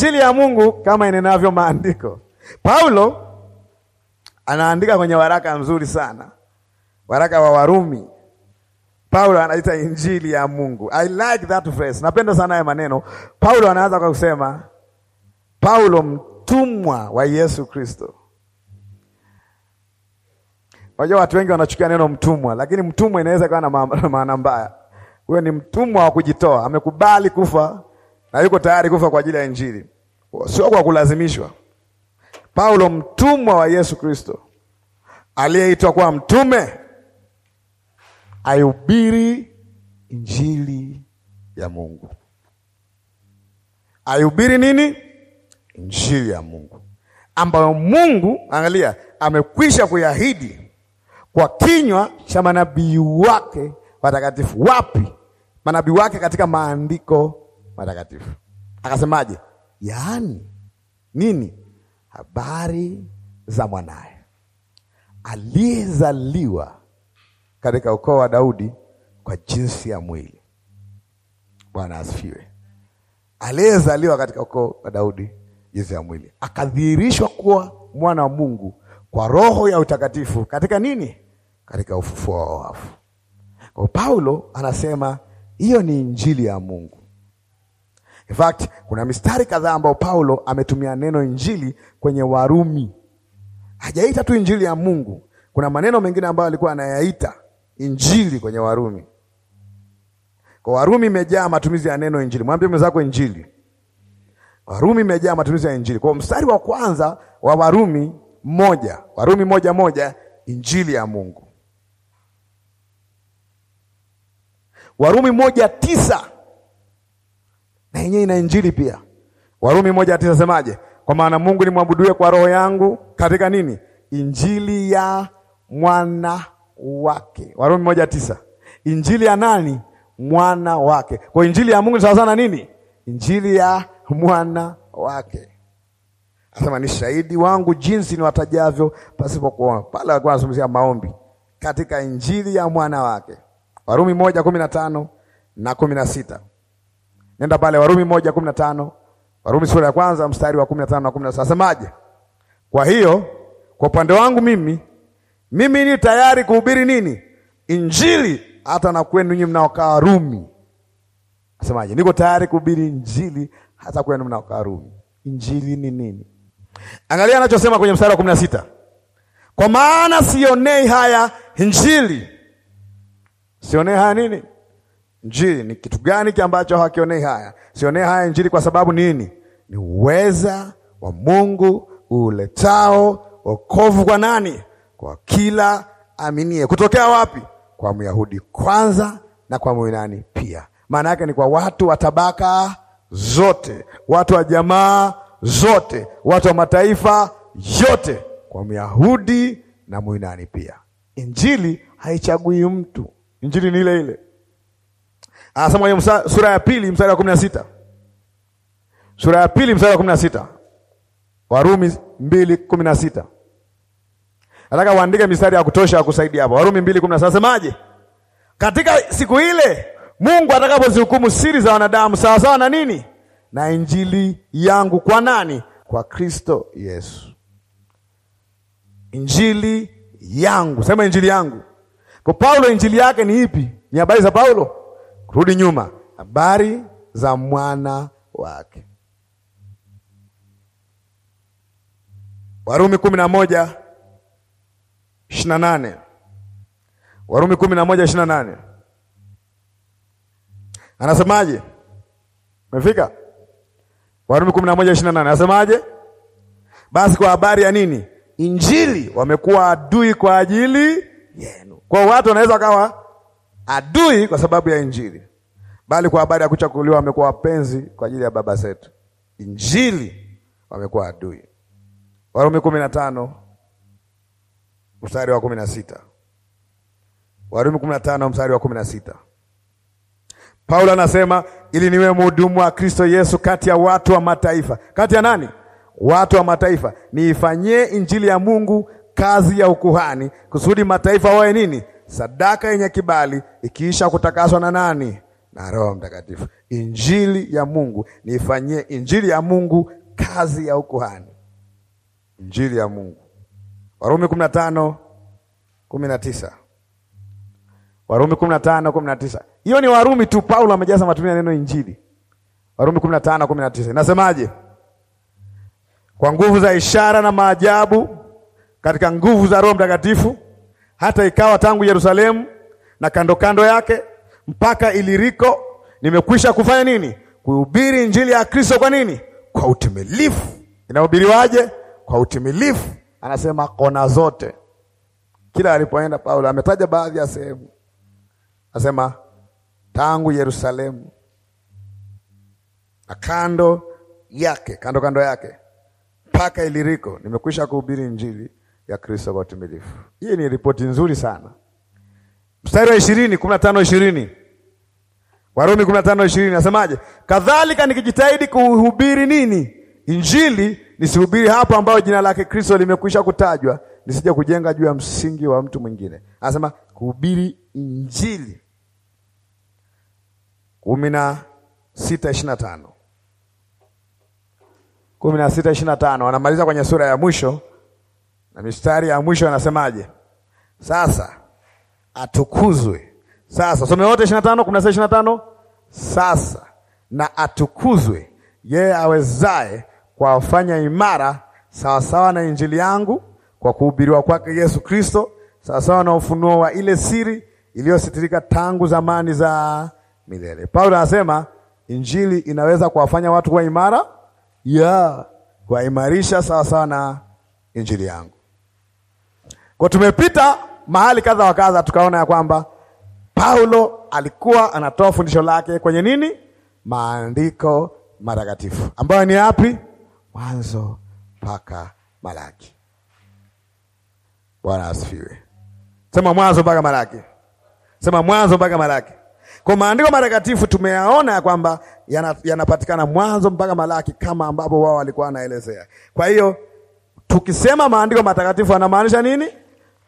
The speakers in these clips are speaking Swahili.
Injili ya Mungu kama inenavyo maandiko. Paulo anaandika kwenye waraka mzuri sana, waraka wa Warumi. Paulo anaita injili ya Mungu. I like that phrase. Napenda sana haya maneno. Paulo anaanza kwa kusema, Paulo mtumwa wa Yesu Kristo. Wajua, watu wengi wanachukia neno mtumwa, lakini mtumwa inaweza ikawa na maana mbaya. Huyo ni mtumwa wa kujitoa, amekubali kufa na yuko tayari kufa kwa ajili ya Injili, sio kwa kulazimishwa. Paulo mtumwa wa Yesu Kristo aliyeitwa kuwa mtume aihubiri Injili ya Mungu. Aihubiri nini? Injili ya Mungu ambayo Mungu, angalia, amekwisha kuiahidi kwa kinywa cha manabii wake watakatifu. Wapi? Manabii wake katika maandiko matakatifu. Akasemaje? Yaani nini? Habari za mwanaye aliyezaliwa katika ukoo wa Daudi kwa jinsi ya mwili. Bwana asifiwe. Aliyezaliwa katika ukoo wa Daudi jinsi ya mwili, akadhihirishwa kuwa mwana wa Mungu kwa roho ya utakatifu katika nini? Katika ufufuo wa wafu. Kwa Paulo anasema hiyo ni injili ya Mungu. In fact, kuna mistari kadhaa ambayo Paulo ametumia neno injili kwenye Warumi. Hajaita tu injili ya Mungu. Kuna maneno mengine ambayo alikuwa anayaita injili kwenye Warumi. Kwa Warumi imejaa matumizi ya neno injili. Mwambie mwenzako injili. Warumi imejaa matumizi ya injili. Kwa mstari wa kwanza wa Warumi moja, Warumi moja moja, injili ya Mungu. Warumi moja tisa na yenyewe ina injili pia. Warumi moja tisa semaje? Kwa maana Mungu nimwabuduye kwa roho yangu katika nini? Injili ya mwana wake. Warumi moja tisa. Injili ya nani? Mwana wake. Kwa injili ya Mungu ni sawasawa na nini? Injili ya mwana wake. Anasema ni shahidi wangu jinsi ni watajavyo pasipo kuona. Pale alikuwa anazungumzia maombi katika injili ya mwana wake. Warumi moja kumi na tano na kumi na sita. Nenda pale Warumi moja kumi na tano Warumi sura ya kwanza mstari wa kumi na tano na kumi na sita Asemaje? Kwa hiyo kwa upande wangu mimi mimi ni tayari kuhubiri nini? Injili hata na kwenu nyinyi mnaokaa Rumi. Asemaje? Niko tayari kuhubiri Injili hata kwenu mnaokaa Rumi. Injili ni nini? Angalia anachosema kwenye mstari wa kumi na sita kwa maana sionei haya Injili, sionei haya nini? Injili ni kitu gani ambacho hakionei haya? Sionee haya injili kwa sababu nini? Ni uweza wa Mungu uletao wokovu kwa nani? Kwa kila aminie. Kutokea wapi? Kwa Myahudi kwanza na kwa Myunani pia. Maana yake ni kwa watu wa tabaka zote, watu wa jamaa zote, watu wa mataifa yote, kwa Myahudi na Myunani pia. Injili haichagui mtu, injili ni ile ile. Anasema kwenye sura ya pili mstari wa kumi na sita sura ya pili mstari wa kumi na sita Warumi mbili kumi na sita Nataka uandike mistari ya kutosha ya kusaidia hapo. Warumi mbili kumi na sita semaje? Katika siku ile Mungu atakapozihukumu siri za wanadamu sawasawa na nini? Na injili yangu kwa nani? Kwa Kristo Yesu. Injili yangu, sema injili yangu. Kwa Paulo injili yake ni ipi? Ni habari za Paulo Rudi nyuma, habari za mwana wake. Warumi kumi na moja ishirini na nane Warumi kumi na moja ishirini na nane anasemaje? Umefika Warumi kumi na moja ishirini na nane anasemaje? Basi kwa habari ya nini? Injili wamekuwa adui kwa ajili yenu. Kwa watu wanaweza kawa adui kwa sababu ya Injili, bali kwa habari ya kuchakuliwa wamekuwa wapenzi kwa ajili ya baba zetu. Injili wamekuwa adui. Warumi kumi na tano mstari wa kumi na sita Warumi kumi na tano mstari wa kumi na sita Paulo anasema ili niwe mhudumu wa Kristo Yesu kati ya watu wa mataifa. Kati ya nani? Watu wa mataifa, niifanyie injili ya Mungu kazi ya ukuhani, kusudi mataifa wawe nini? sadaka yenye kibali ikiisha kutakaswa na nani? Na Roho Mtakatifu. Injili ya Mungu niifanyie, injili ya Mungu kazi ya ukuhani, injili ya Mungu. Warumi kumi na tano kumi na tisa Warumi kumi na tano kumi na tisa Hiyo ni Warumi tu, Paulo amejaza ya neno injili. Warumi kumi na tano kumi na tisa inasemaje? Kwa nguvu za ishara na maajabu katika nguvu za Roho Mtakatifu hata ikawa tangu Yerusalemu na kando kando yake mpaka Iliriko, nimekwisha kufanya nini? Kuhubiri injili ya Kristo. Kwa nini? Kwa utimilifu. Inahubiriwaje? Kwa utimilifu. Anasema kona zote, kila alipoenda Paulo ametaja baadhi ya sehemu, anasema tangu Yerusalemu na kando yake, kando kando yake mpaka Iliriko, nimekwisha kuhubiri injili ya Kristo kwa utimilifu. Hii ni ripoti nzuri sana. Mstari wa ishirini, kumi na tano ishirini Warumi kumi na tano ishirini nasemaje? Kadhalika nikijitahidi kuhubiri nini? Injili, nisihubiri hapo ambayo jina lake Kristo limekwisha kutajwa, nisije kujenga juu ya msingi wa mtu mwingine. Anasema kuhubiri Injili. kumi na sita ishirini na tano kumi na sita ishirini na tano wanamaliza kwenye sura ya mwisho na mistari ya mwisho anasemaje? Sasa atukuzwe sasa, some wote ishirini na tano kumi na sita ishirini na tano Sasa na atukuzwe yeye awezaye kuwafanya imara sawasawa na injili yangu kwa kuhubiriwa kwake Yesu Kristo sawasawa na ufunuo wa ile siri iliyositirika tangu zamani za milele. Paulo anasema injili inaweza kuwafanya watu kuwa imara ya yeah, kuwaimarisha sawasawa na injili yangu. Kwa tumepita mahali kadha wa kadha, tukaona ya kwamba Paulo alikuwa anatoa fundisho lake kwenye nini? Maandiko matakatifu ambayo ni yapi? Mwanzo mpaka Malaki. Bwana asifiwe. Sema Mwanzo mpaka Malaki, sema Mwanzo mpaka Malaki. Kwa maandiko matakatifu tumeyaona ya kwamba yanapatikana yana Mwanzo mpaka Malaki, kama ambapo wao walikuwa wanaelezea. Kwa hiyo tukisema maandiko matakatifu anamaanisha nini?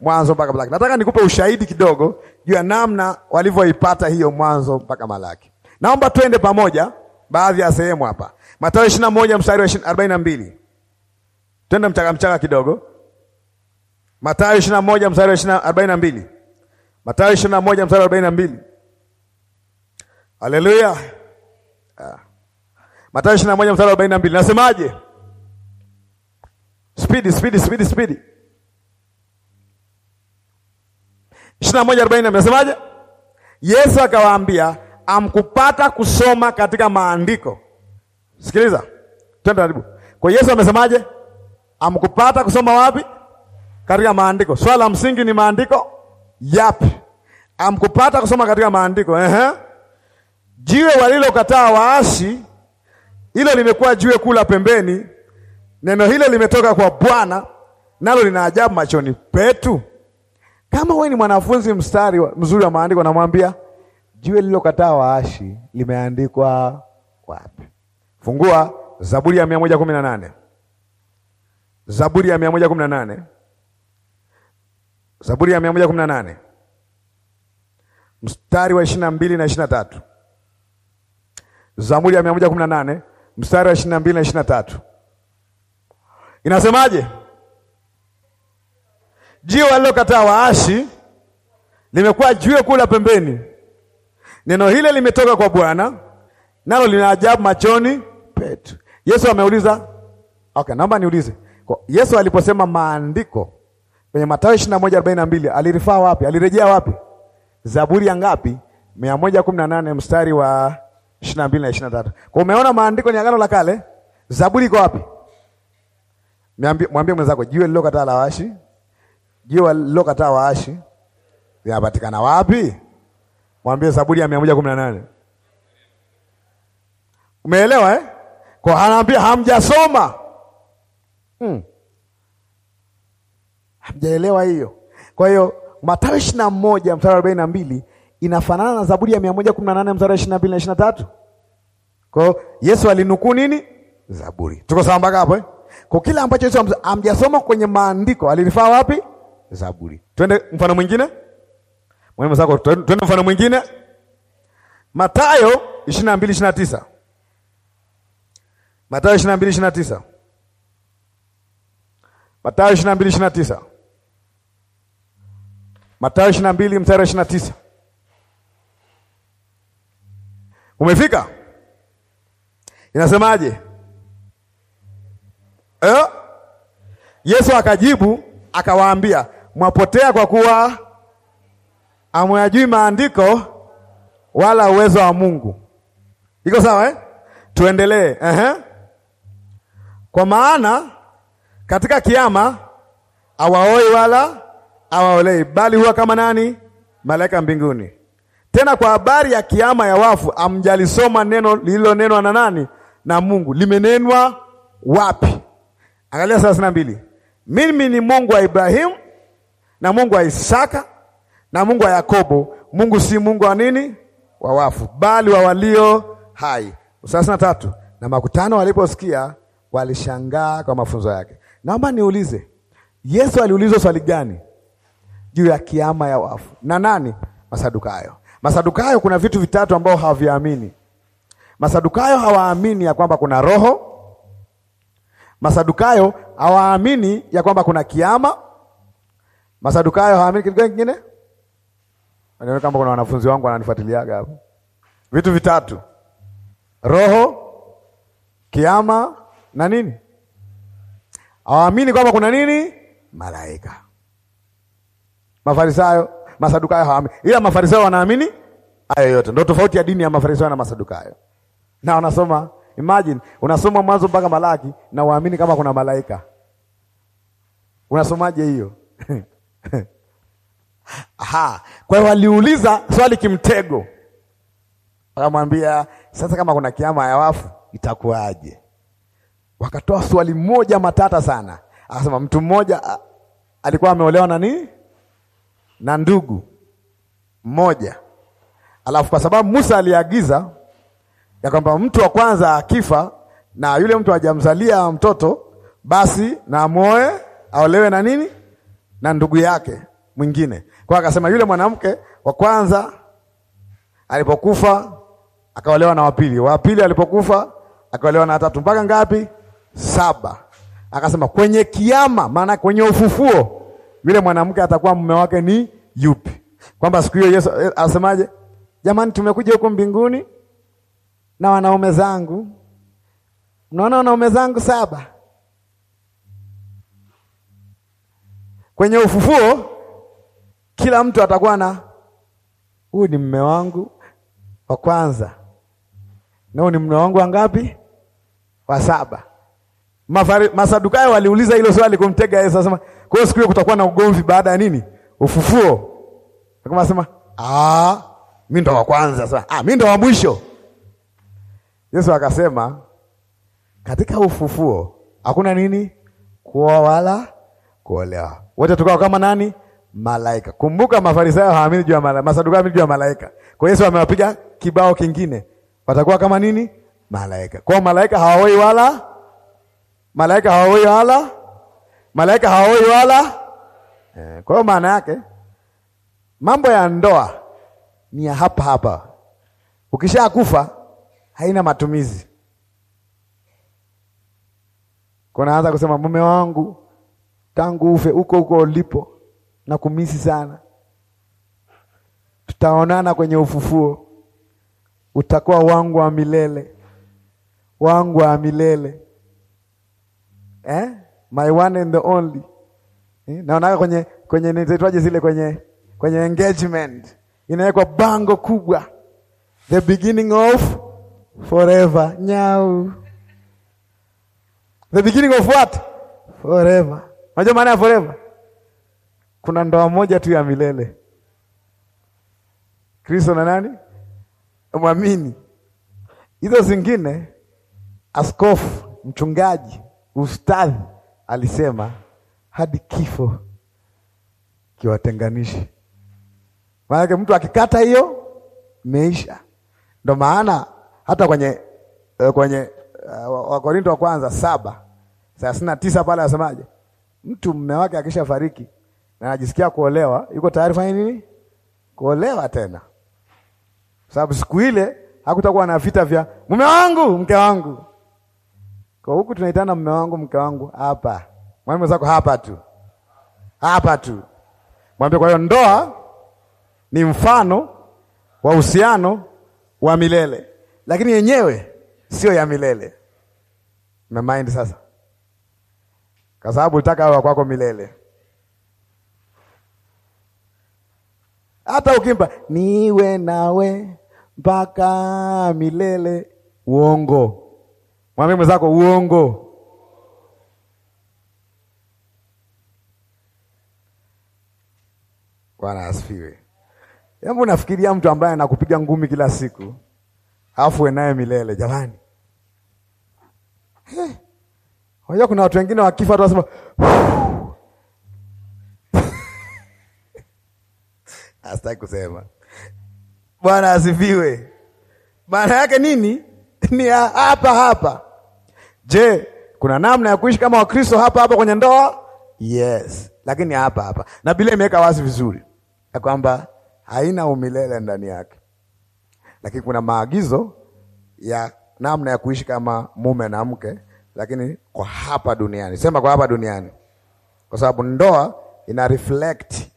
Mwanzo mpaka Malaki. Nataka nikupe ushahidi kidogo juu ya namna walivyoipata hiyo Mwanzo mpaka Malaki. Naomba twende pamoja baadhi ya sehemu hapa. Mathayo 21 mstari wa 42. Twende mchaka mchaka kidogo. Mathayo 21 mstari wa 42. Mathayo 21 mstari wa 42. Haleluya. Ah. Mathayo 21 mstari wa 42. Nasemaje? Spidi, spidi, spidi, spidi. ishirini na moja arobaini amesemaje? Yesu akawaambia, amkupata kusoma katika maandiko. Sikiliza, twende karibu. Kwa Yesu amesemaje? Amkupata kusoma wapi? Katika maandiko. Swala la msingi ni maandiko yapi? Amkupata kusoma katika maandiko. Ehe, jiwe walilokataa waasi, hilo limekuwa jiwe kula pembeni. Neno hilo limetoka kwa Bwana, nalo lina ajabu machoni petu. Kama wewe ni mwanafunzi mstari mzuri wa maandiko, namwambia jiwe lililokataa waashi limeandikwa wapi? Fungua Zaburi ya mia moja kumi na nane Zaburi ya mia moja kumi na nane Zaburi ya mia moja kumi na nane mstari wa ishirini na mbili na ishirini na tatu Zaburi ya mia moja kumi na nane mstari wa ishirini na mbili na ishirini na tatu inasemaje? jiwe alilokataa waashi limekuwa jiwe kula pembeni. Neno hile limetoka kwa Bwana, nalo lina ajabu machoni petu. Yesu ameuliza. Okay, naomba niulize. Yesu aliposema maandiko kwenye Mathayo mbili alirifaa wapi? Alirejea wapi? Zaburi ya ngapi? mia moja kumi na nane mstari wa 22 na mbili na na tatu. Kwa umeona maandiko ni agano la kale. Zaburi iko wapi? Mwambie mwenzako jiwe lilokataa la washi Jiwe lilokataa waashi linapatikana wapi? Mwambie Zaburi ya mia moja kumi na nane. Umeelewa eh? Kwa anaambia hamjasoma, hmm. Hamjaelewa hiyo. Kwa hiyo Mathayo ishirini na moja mstari arobaini na mbili inafanana na Zaburi ya mia moja kumi na nane mstari ishirini na mbili na ishirini na tatu. Kwa hiyo Yesu alinukuu nini? Zaburi. Tuko sawa mpaka hapo eh? Kwa kila ambacho Yesu amjasoma kwenye maandiko alilifaa wapi? Zaburi. Twende mfano mwingine, mwalimu zako. Twende mfano mwingine, Mathayo 22:29. na mbili tisa Mathayo 22:29. na mbili tisa Mathayo 22:29. na mbili tisa Mathayo 22 na mbili mstari wa 29. tisa Umefika? Inasemaje? Eh? Yesu akajibu akawaambia mwapotea kwa kuwa amwajui maandiko wala uwezo wa Mungu. Iko sawa eh? Tuendelee. Ehe. Kwa maana katika kiama awaoi wala awaolei, bali huwa kama nani? Malaika mbinguni. Tena kwa habari ya kiama ya wafu, amjalisoma neno lililonenwa na nani? Na Mungu. Limenenwa wapi? Angalia thelathini na mbili. Mimi ni Mungu wa Ibrahimu, na Mungu wa Isaka na Mungu wa Yakobo. Mungu si Mungu wa nini? Wa wafu, bali wa walio hai. Thelathini na tatu. Na makutano waliposikia walishangaa kwa mafunzo yake. Naomba niulize, Yesu aliulizwa swali gani juu ya kiama ya wafu na nani? Masadukayo. Masadukayo, kuna vitu vitatu ambao hawaviamini. Masadukayo hawaamini ya kwamba kuna roho. Masadukayo hawaamini ya kwamba kuna kiama Masadukayo hawaamini kitu gani kingine? Anaona kama kuna wanafunzi wangu wananifuatiliaga hapo. Vitu vitatu. Roho, kiama na nini? Hawaamini kwamba kuna nini? Malaika. Mafarisayo, Masadukayo hawaamini. Ila Mafarisayo wanaamini hayo yote. Ndio tofauti ya dini ya Mafarisayo na Masadukayo. Na wanasoma, imagine unasoma Mwanzo mpaka Malaki na waamini kama kuna malaika. Unasomaje hiyo? Aha. Kwa hiyo waliuliza swali kimtego, wakamwambia sasa, kama kuna kiama ya wafu itakuwaje? Wakatoa swali moja matata sana, akasema mtu mmoja alikuwa ameolewa na nini na ndugu mmoja, alafu kwa sababu Musa aliagiza ya kwamba mtu wa kwanza akifa na yule mtu hajamzalia mtoto, basi na amoe aolewe na nini na ndugu yake mwingine. Kwa akasema yule mwanamke wa kwanza alipokufa akaolewa na wapili, wapili alipokufa akaolewa na watatu, mpaka ngapi? Saba. Akasema kwenye kiama, maana kwenye ufufuo, yule mwanamke atakuwa mume wake ni yupi? Kwamba siku hiyo Yesu eh, asemaje? Jamani, tumekuja huko mbinguni na wanaume zangu, mnaona wanaume zangu saba Kwenye ufufuo kila mtu atakuwa na huyu ni mme wangu wa kwanza na huyu ni mme wangu wangapi Wa saba. Mafari, Masadukayo waliuliza hilo swali kumtega Yesu, asema kwa hiyo siku hiyo kutakuwa na ugomvi baada ya nini? Ufufuo. Akama asema ah, mimi ndo wa kwanza sasa. Ah, mimi ndo wa mwisho. Yesu akasema katika ufufuo hakuna nini? Kuoa wala kuolewa wote tukao kama nani? Malaika. Kumbuka Mafarisayo haamini juu ya malaika, Masadukayo haamini juu ya malaika. Kwa Yesu amewapiga kibao kingine, watakuwa kama nini? Malaika. Kwa malaika hawaoi wala malaika hawaoi wala malaika hawaoi wala. Eh, kwa hiyo maana yake mambo ya ndoa ni ya hapa hapa, ukishakufa haina matumizi. Kunaanza kusema mume wangu tangu ufe huko huko ulipo, na kumisi sana. Tutaonana kwenye ufufuo, utakuwa wangu wa milele, wangu wa milele eh? My one and the only eh? kwenye kwenye nitaitwaje zile kwenye kwenye engagement inawekwa bango kubwa, the beginning of forever. Nyau, the beginning of what? Forever. Unajua maana ya forever? Kuna ndoa moja tu ya milele, Kristo na nani? Mwamini. Hizo zingine, askofu, mchungaji, ustadhi alisema hadi kifo kiwatenganishi. Maanake mtu akikata hiyo meisha. Ndo maana hata kwenye eh, kwenye eh, Wakorinto wa kwanza saba thelathini na tisa pale asemaje? Mtu mume wake akishafariki na anajisikia kuolewa, yuko tayari fanya nini? Kuolewa tena, sababu siku ile hakutakuwa na vita vya mume wangu, mke wangu. Kwa huku tunaitana mume wangu, mke wangu, hapa mwambie zako hapa tu, hapa tu mwambie. Kwa hiyo ndoa ni mfano wa uhusiano wa milele, lakini yenyewe sio ya milele. Mmemind sasa? kwa sababu ulitaka awe kwako milele. Hata ukimpa niwe nawe mpaka milele, uongo. Mwambie mwenzako uongo. Bwana asifiwe. Hebu nafikiria mtu ambaye anakupiga ngumi kila siku, afu wewe naye milele, jamani. Hey. Unajua kuna watu wengine wakifa tu wasema Astaki ah, kusema. Bwana asifiwe. Maana yake nini? Ni hapa hapa. Je, kuna namna ya kuishi kama Wakristo hapa hapa kwenye ndoa? Yes, lakini hapa hapa, na Biblia imeweka wazi vizuri ya kwamba haina umilele ndani yake, lakini kuna maagizo ya namna ya kuishi kama mume na mke lakini kwa hapa duniani, sema kwa hapa duniani, kwa sababu ndoa ina reflect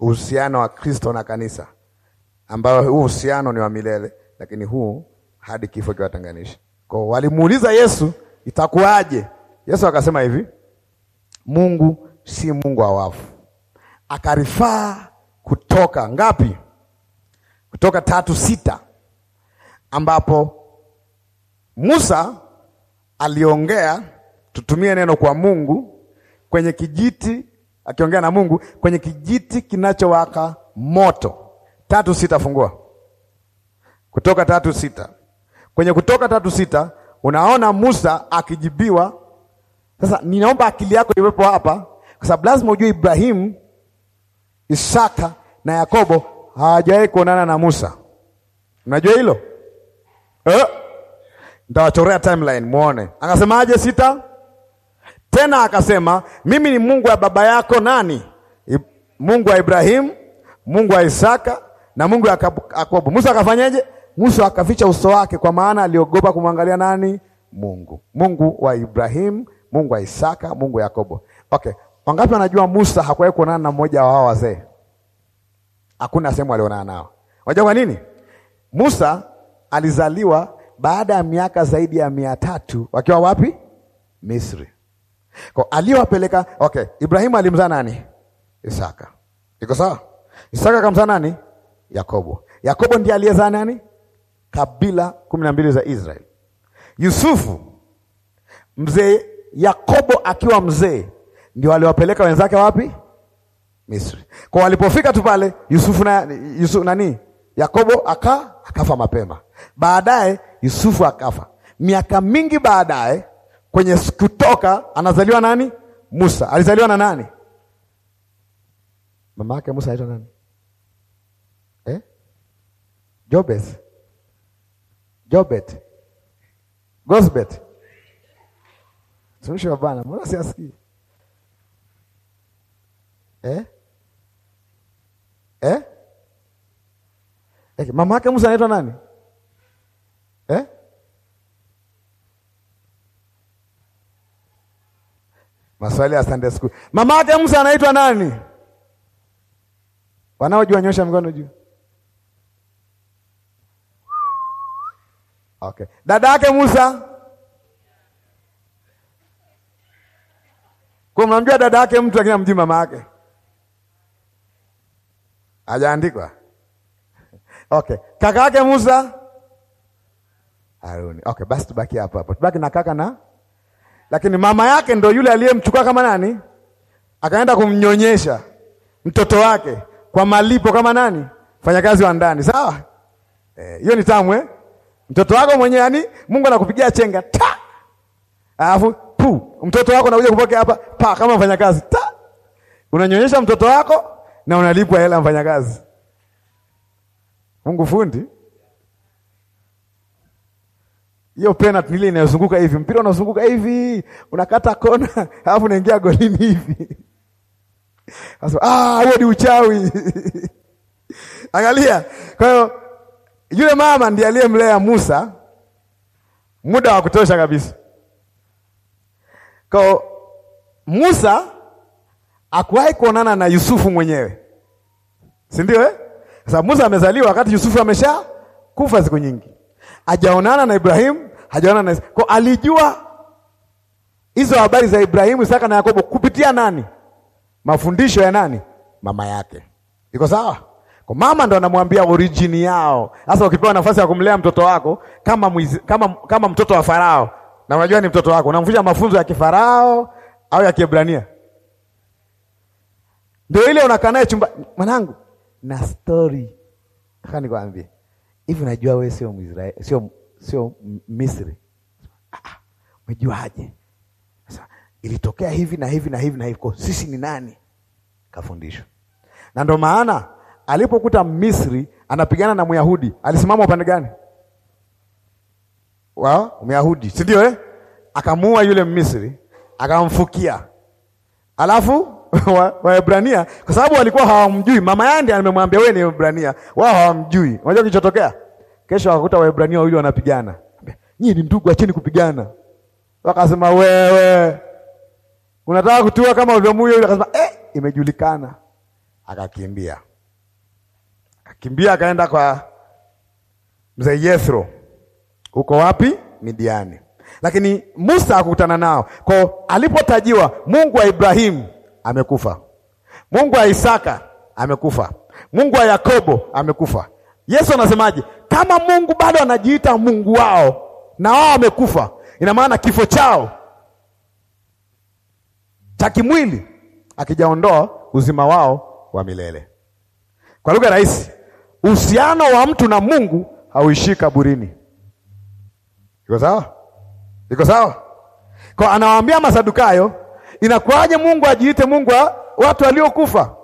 uhusiano wa Kristo na kanisa, ambao huu uhusiano ni wa milele, lakini huu hadi kifo kiwatanganisha. Kwa walimuuliza Yesu, itakuwaje? Yesu akasema hivi, Mungu si Mungu wa wafu, akarifaa kutoka ngapi? Kutoka tatu sita ambapo Musa aliongea, tutumie neno kwa Mungu kwenye kijiti, akiongea na Mungu kwenye kijiti kinachowaka moto. Tatu sita, fungua Kutoka tatu sita. Kwenye Kutoka tatu sita unaona Musa akijibiwa. Sasa ninaomba akili yako iwepo hapa, kwa sababu lazima ujue Ibrahimu, Isaka na Yakobo hawajawahi kuonana na Musa. Unajua hilo eh? Ndawachorea timeline muone. Akasemaje? sita tena akasema, mimi ni Mungu wa baba yako nani? Mungu wa Ibrahimu, Mungu wa Isaka na Mungu wa Yakobo. Musa akafanyaje? Musa akaficha uso wake, kwa maana aliogopa kumwangalia nani? Mungu. Mungu wa Ibrahimu, Mungu wa Isaka, Mungu wa Yakobo. Okay, wangapi wanajua Musa hakuwahi kuonana na mmoja wa hao wazee? Hakuna sehemu alionana nao. Unajua kwa nini? Musa alizaliwa baada ya miaka zaidi ya mia tatu wakiwa wapi? Misri. Kwa aliyowapeleka okay, Ibrahimu alimzaa nani? Isaka. Iko sawa? Isaka akamzaa nani? Yakobo. Yakobo ndiye aliyezaa nani? Kabila kumi na mbili za Israeli. Yusufu mzee Yakobo akiwa mzee ndio aliwapeleka wenzake wapi? Misri. Kwa walipofika tu pale Yusufu na Yusufu nani? Yakobo aka akafa mapema. Baadaye Yusufu akafa. Miaka mingi baadaye kwenye Kutoka anazaliwa nani? Musa. Alizaliwa na nani? Mama yake Musa aitwa nani? Eh? Jobeth. Jobet, Gosbet. Tumishi wa Bwana, mbona siasikii? Eh? Eh? Eh, mama yake Musa anaitwa nani? Eh? Maswali ya Sunday school. Mama yake Musa anaitwa nani? Wanaojua nyosha mkono juu. Okay. Dada yake Musa? Kwa mnamjua dada yake mtu lakini amjui mama yake. Hajaandikwa. Okay. Kaka yake Musa? Haruni. Okay, basi tubaki hapa hapa. Tubaki na kaka na lakini mama yake ndo yule aliyemchukua kama nani? Akaenda kumnyonyesha mtoto wake kwa malipo kama nani? Mfanyakazi wa ndani, sawa? Eh, Hiyo ni tamu eh? Mtoto wako mwenyewe yani Mungu anakupigia chenga ta. Alafu pu, mtoto wako anakuja kupokea hapa pa kama mfanyakazi ta. Unanyonyesha mtoto wako na unalipwa hela mfanyakazi. Mungu fundi hiyo penalty ile inayozunguka hivi, mpira unazunguka hivi, unakata kona, alafu unaingia golini hivi. Sasa ah, huo ni uchawi. Angalia. Kwa hiyo yule mama ndiye aliyemlea Musa muda wa kutosha kabisa. Kwa Musa hakuwahi kuonana na Yusufu mwenyewe, si ndio eh? Sasa Musa amezaliwa wakati Yusufu amesha kufa siku nyingi, ajaonana na Ibrahimu hajaona na Isaka. kwa alijua hizo habari za Ibrahimu, Isaka na Yakobo kupitia nani? Mafundisho ya nani? Mama yake. Iko sawa? Kwa mama ndo anamwambia origin yao. Sasa ukipewa nafasi ya kumlea mtoto wako kama mwizi, kama, kama mtoto wa Farao na unajua ni mtoto wako, unamfunza mafunzo ya Kifarao au ya Kiebrania? Ndio ile unakaa naye chumba, mwanangu, na story kaka, nikwambie hivi, unajua wewe sio Mwisraeli, sio sio Misri. Ah, ah, umejuaje? Sasa ilitokea hivi na hivi na hivi na hivi, kwa sisi ni nani? Kafundishwa, na ndo maana alipokuta Misri anapigana na Myahudi alisimama upande gani? Wa Myahudi, si ndio eh? Akamuua yule Misri akamfukia, alafu Waebrania wa kwa sababu walikuwa hawamjui, mama yandi amemwambia wewe ni Mwebrania, wao hawamjui. Unajua kilichotokea Kesho wakakuta Waebrania wawili wanapigana, nyinyi ni ndugu, acheni kupigana. Wakasema wewe unataka kutua kama ulivyomuyo yule. Akasema eh, imejulikana. Akakimbia, akakimbia akaenda kwa mzee Yethro, uko wapi? Midiani. Lakini Musa akukutana nao kwa alipotajiwa Mungu wa Ibrahimu amekufa, Mungu wa Isaka amekufa, Mungu wa Yakobo amekufa. Yesu anasemaje? Kama Mungu bado anajiita Mungu wao na wao wamekufa, ina maana kifo chao cha kimwili akijaondoa uzima wao wa milele. Kwa lugha rahisi, uhusiano wa mtu na Mungu hauishii kaburini. Iko sawa? Iko sawa? Kwa anawaambia Masadukayo, inakuwaje Mungu ajiite Mungu wa watu waliokufa?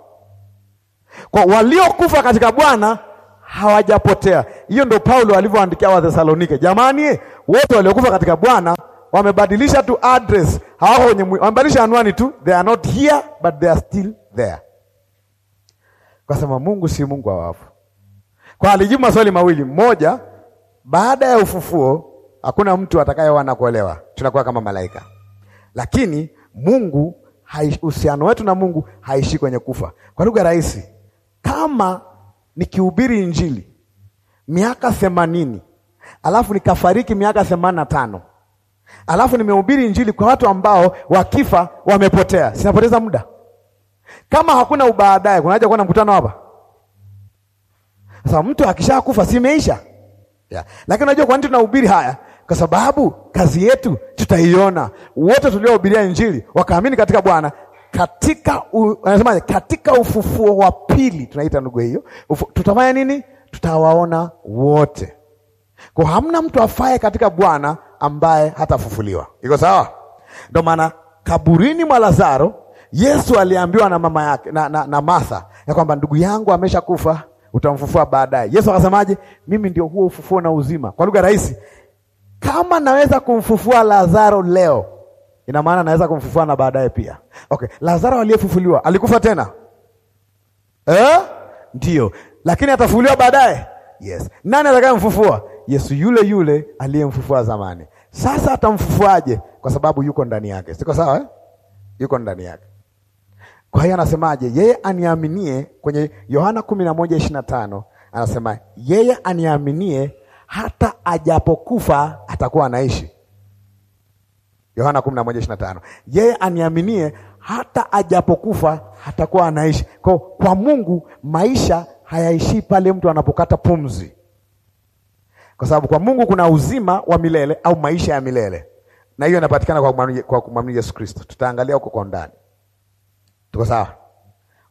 Kwa waliokufa katika Bwana hawajapotea. Hiyo ndo Paulo alivyoandikia Wathesalonike, jamani, wote waliokufa katika Bwana wamebadilisha tu address, hawako kwenye, wamebadilisha anwani tu, they are not here but they are still there, kwa sababu Mungu si Mungu awafu. Kwa alijibu maswali mawili, moja, baada ya ufufuo hakuna mtu atakayeoa na kuolewa, tunakuwa kama malaika. Lakini Mungu, uhusiano wetu na Mungu haishi kwenye kufa. Kwa lugha rahisi, kama nikihubiri Injili miaka themanini alafu nikafariki miaka themanini na tano alafu nimehubiri Injili kwa watu ambao wakifa wamepotea, sinapoteza muda kama hakuna ubaadaye, kunaja kuwa na mkutano hapa sasa. Mtu akishakufa simeisha, lakini unajua kwa nini tunahubiri haya? Kwa sababu kazi yetu tutaiona, wote tuliohubiria Injili wakaamini katika Bwana katika anasema Katika ufufuo wa pili, tunaita ndugu hiyo, tutafanya nini? Tutawaona wote. Kwa hamna mtu afaye katika Bwana ambaye hatafufuliwa. Iko sawa? Ndio maana kaburini mwa Lazaro Yesu aliambiwa na mama yake na, na, na Martha ya kwamba ndugu yangu ameshakufa, utamfufua baadaye. Yesu akasemaje? Mimi ndio huo ufufuo na uzima. Kwa lugha rahisi, kama naweza kumfufua Lazaro leo Ina maana naweza kumfufua na baadaye pia. Okay, Lazaro aliyefufuliwa alikufa tena eh? Ndio, lakini atafufuliwa baadaye. Yes, nani atakayemfufua? Yesu yule yule aliyemfufua zamani. Sasa atamfufuaje? Kwa sababu yuko ndani yake, siko sawa eh? Yuko ndani yake. Kwa hiyo anasemaje? Yeye aniaminie kwenye Yohana kumi na moja ishirini na tano anasema yeye aniaminie hata ajapokufa atakuwa anaishi. Yohana 11:25. Yeye aniaminie hata ajapokufa hatakuwa anaishi. Kwa kwa Mungu maisha hayaishi pale mtu anapokata pumzi, kwa sababu kwa Mungu kuna uzima wa milele au maisha ya milele, na hiyo inapatikana kwa kumwamini Yesu Kristo. Tutaangalia huko kwa ndani. Tuko sawa?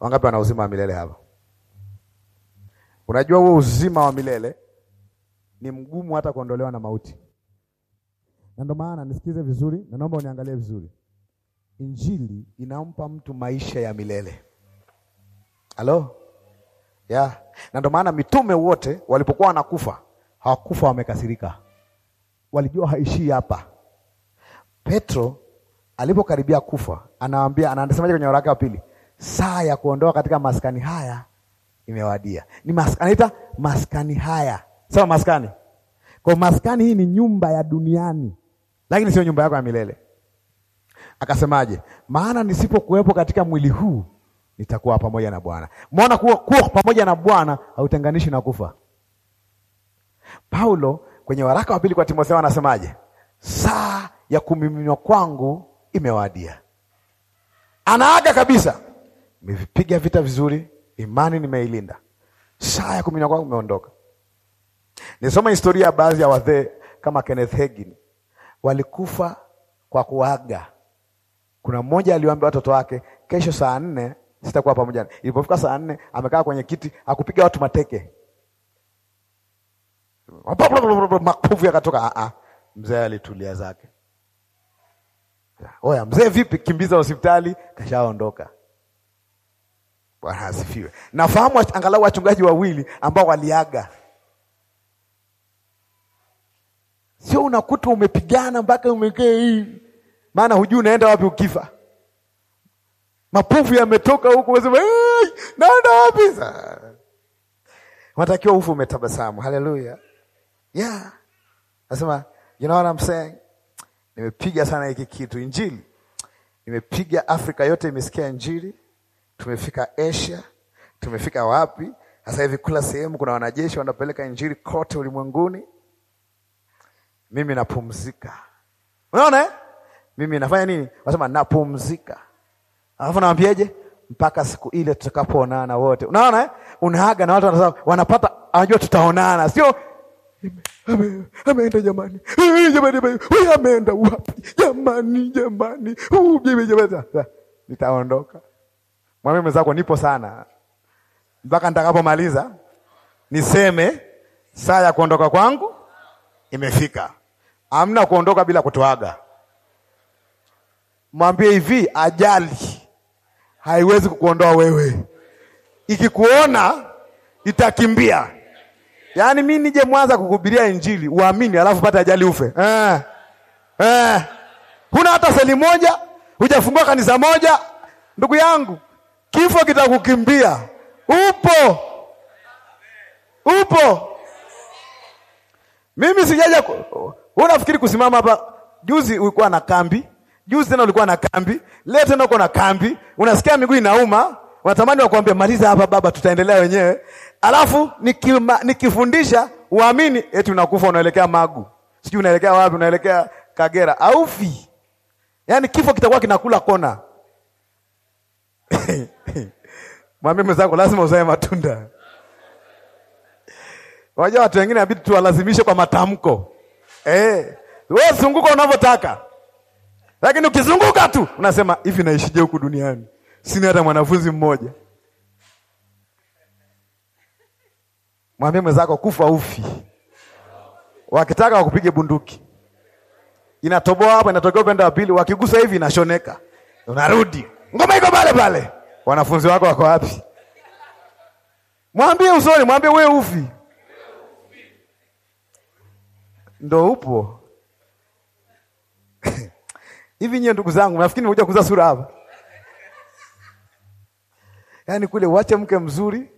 Wangapi wana uzima wa milele hapa? Unajua huo uzima wa milele ni mgumu hata kuondolewa na mauti na ndio maana nisikize vizuri, na naomba uniangalie vizuri. Injili inampa mtu maisha ya milele. Halo? Yeah. Na ndio maana mitume wote walipokuwa wanakufa hawakufa wamekasirika, walijua haishii hapa. Petro alipokaribia kufa anawaambia, anasemaje kwenye waraka wa pili? Saa ya kuondoa katika maskani haya imewadia. Ni maskani anaita maskani haya, Sawa maskani. Kwa maskani hii ni nyumba ya duniani lakini sio nyumba yako ya milele. Akasemaje? Maana nisipokuwepo katika mwili huu nitakuwa pamoja na Bwana. Muona kuwa, kuwa pamoja na Bwana hautenganishi na kufa. Paulo kwenye waraka wa pili kwa Timotheo anasemaje? Saa ya kumiminwa kwangu imewadia. Anaaga kabisa, nimevipiga vita vizuri, imani nimeilinda, saa ya kumiminwa kwangu imeondoka. Nisoma historia ya baadhi ya wazee kama Kenneth Hagin walikufa kwa kuaga. Kuna mmoja aliwaambia watoto wake, kesho saa nne sitakuwa pamoja. Ilipofika saa nne amekaa kwenye kiti, akupiga watu mateke, makovu yakatoka. Ah, ah, mzee alitulia zake. Ah, oya mzee, vipi? Kimbiza hospitali, kashaondoka. Bwana asifiwe. Nafahamu angalau wachungaji wawili ambao waliaga sio unakuta umepigana mpaka umekaa hivi, maana hujui unaenda wapi ukifa. Mapovu yametoka huko, wasema naenda wapi? Unatakiwa ufu umetabasamu. Haleluya, yeah. Nasema you know what I'm saying, nimepiga sana hiki kitu, injili nimepiga, Afrika yote imesikia injili, tumefika Asia, tumefika wapi sasa hivi? Kula sehemu kuna wanajeshi wanapeleka injili kote ulimwenguni mimi napumzika. Unaona eh? Mimi nafanya nini? Nasema napumzika. Alafu nawaambiaje? Mpaka siku ile tutakapoonana wote. Unaona eh? Unaaga na watu wanasema wanapata anajua tutaonana, sio? Ameenda jamani. Jamani, ameenda wapi? Jamani, jamani. jamani. Nitaondoka. Mwambie mwenzako nipo sana. Mpaka nitakapomaliza niseme saa ya kuondoka kwangu imefika. Amna kuondoka bila kutoaga. Mwambie hivi, ajali haiwezi kukuondoa wewe, ikikuona itakimbia. Yaani mi nije Mwanza kukuhubiria Injili uamini, alafu pata ajali ufe eh. Eh. Huna hata seli moja, hujafungua kanisa moja. Ndugu yangu, kifo kitakukimbia. Upo, upo mimi sijaja unafikiri kusimama hapa juzi ulikuwa na kambi, juzi tena ulikuwa na kambi, leo tena uko na kambi, unasikia miguu inauma, unatamani wakuambia maliza hapa baba, tutaendelea wenyewe. Alafu nikima, nikifundisha uamini eti unakufa unaelekea Magu. Sijui unaelekea wapi, unaelekea Kagera. Aufi. Yaani kifo kitakuwa kinakula kona. Mwambie mwenzako lazima uzae matunda. Wajua watu wengine inabidi tuwalazimishe kwa matamko eh. Wewe zunguka unavyotaka, lakini ukizunguka tu unasema hivi, naishije huku duniani? Sina hata mwanafunzi mmoja. Mwambie mwenzako kufa ufi, wakitaka wakupige bunduki. Inatoboa hapa, inatokea upande wa pili, wakigusa hivi inashoneka, unarudi ngoma iko pale pale. Wanafunzi wako wako wapi? Mwambie usoni, mwambie wewe ufi ndo upo hivi nyewe, ndugu zangu, nafikiri nimekuja kuza sura hapa. Yaani kule uache mke mzuri,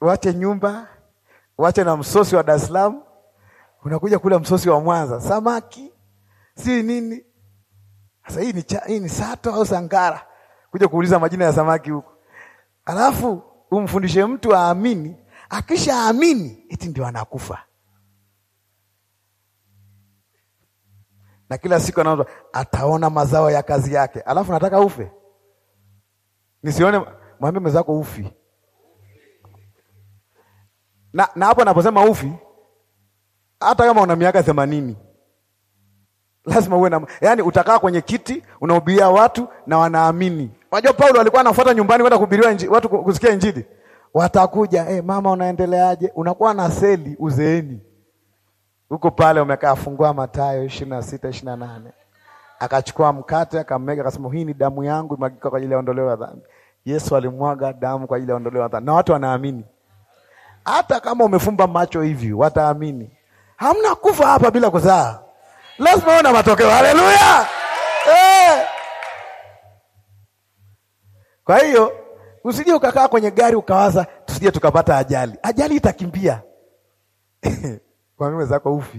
uache nyumba, uache na msosi wa Dar es Salaam, unakuja kula msosi wa Mwanza, samaki si nini? Sasa hii ni cha, hii ni sato au sangara, kuja kuuliza majina ya samaki huko, alafu umfundishe mtu aamini, akishaamini eti ndio anakufa. na kila siku anaanza ataona mazao ya kazi yake. Alafu nataka ufe, nisione. Mwambie mwenzako ufi. Na na hapo anaposema ufi, hata kama una miaka themanini lazima uwe na, yani, utakaa kwenye kiti unahubiria watu na wanaamini. Unajua Paulo alikuwa anafuata nyumbani kwenda kuhubiriwa watu kusikia injili, watakuja eh, hey, mama unaendeleaje? Unakuwa na seli uzeeni huko pale umekaa, fungua Mathayo ishirini na sita ishirini na nane Akachukua mkate akammega, akasema hii ni damu yangu imwagika kwa ajili ya ondoleo la dhambi. Yesu alimwaga damu kwa ajili ya ondoleo la dhambi, na watu wanaamini. Hata kama umefumba macho hivi, wataamini. Hamna kufa hapa bila kuzaa, lazima una matokeo. Haleluya! Eh. Kwa hiyo usije ukakaa kwenye gari ukawaza tusije tukapata ajali. Ajali itakimbia Kuambia mwenzako ufi,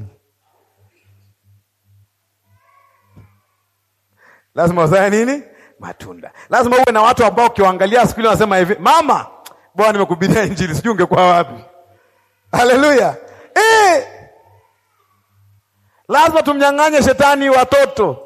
lazima uzae nini? Matunda. Lazima uwe na watu ambao ukiwaangalia siku ile unasema hivi, mama, Bwana, nimekubidia Injili, sijui ungekuwa wapi? Haleluya, eh! Lazima tumnyang'anye shetani watoto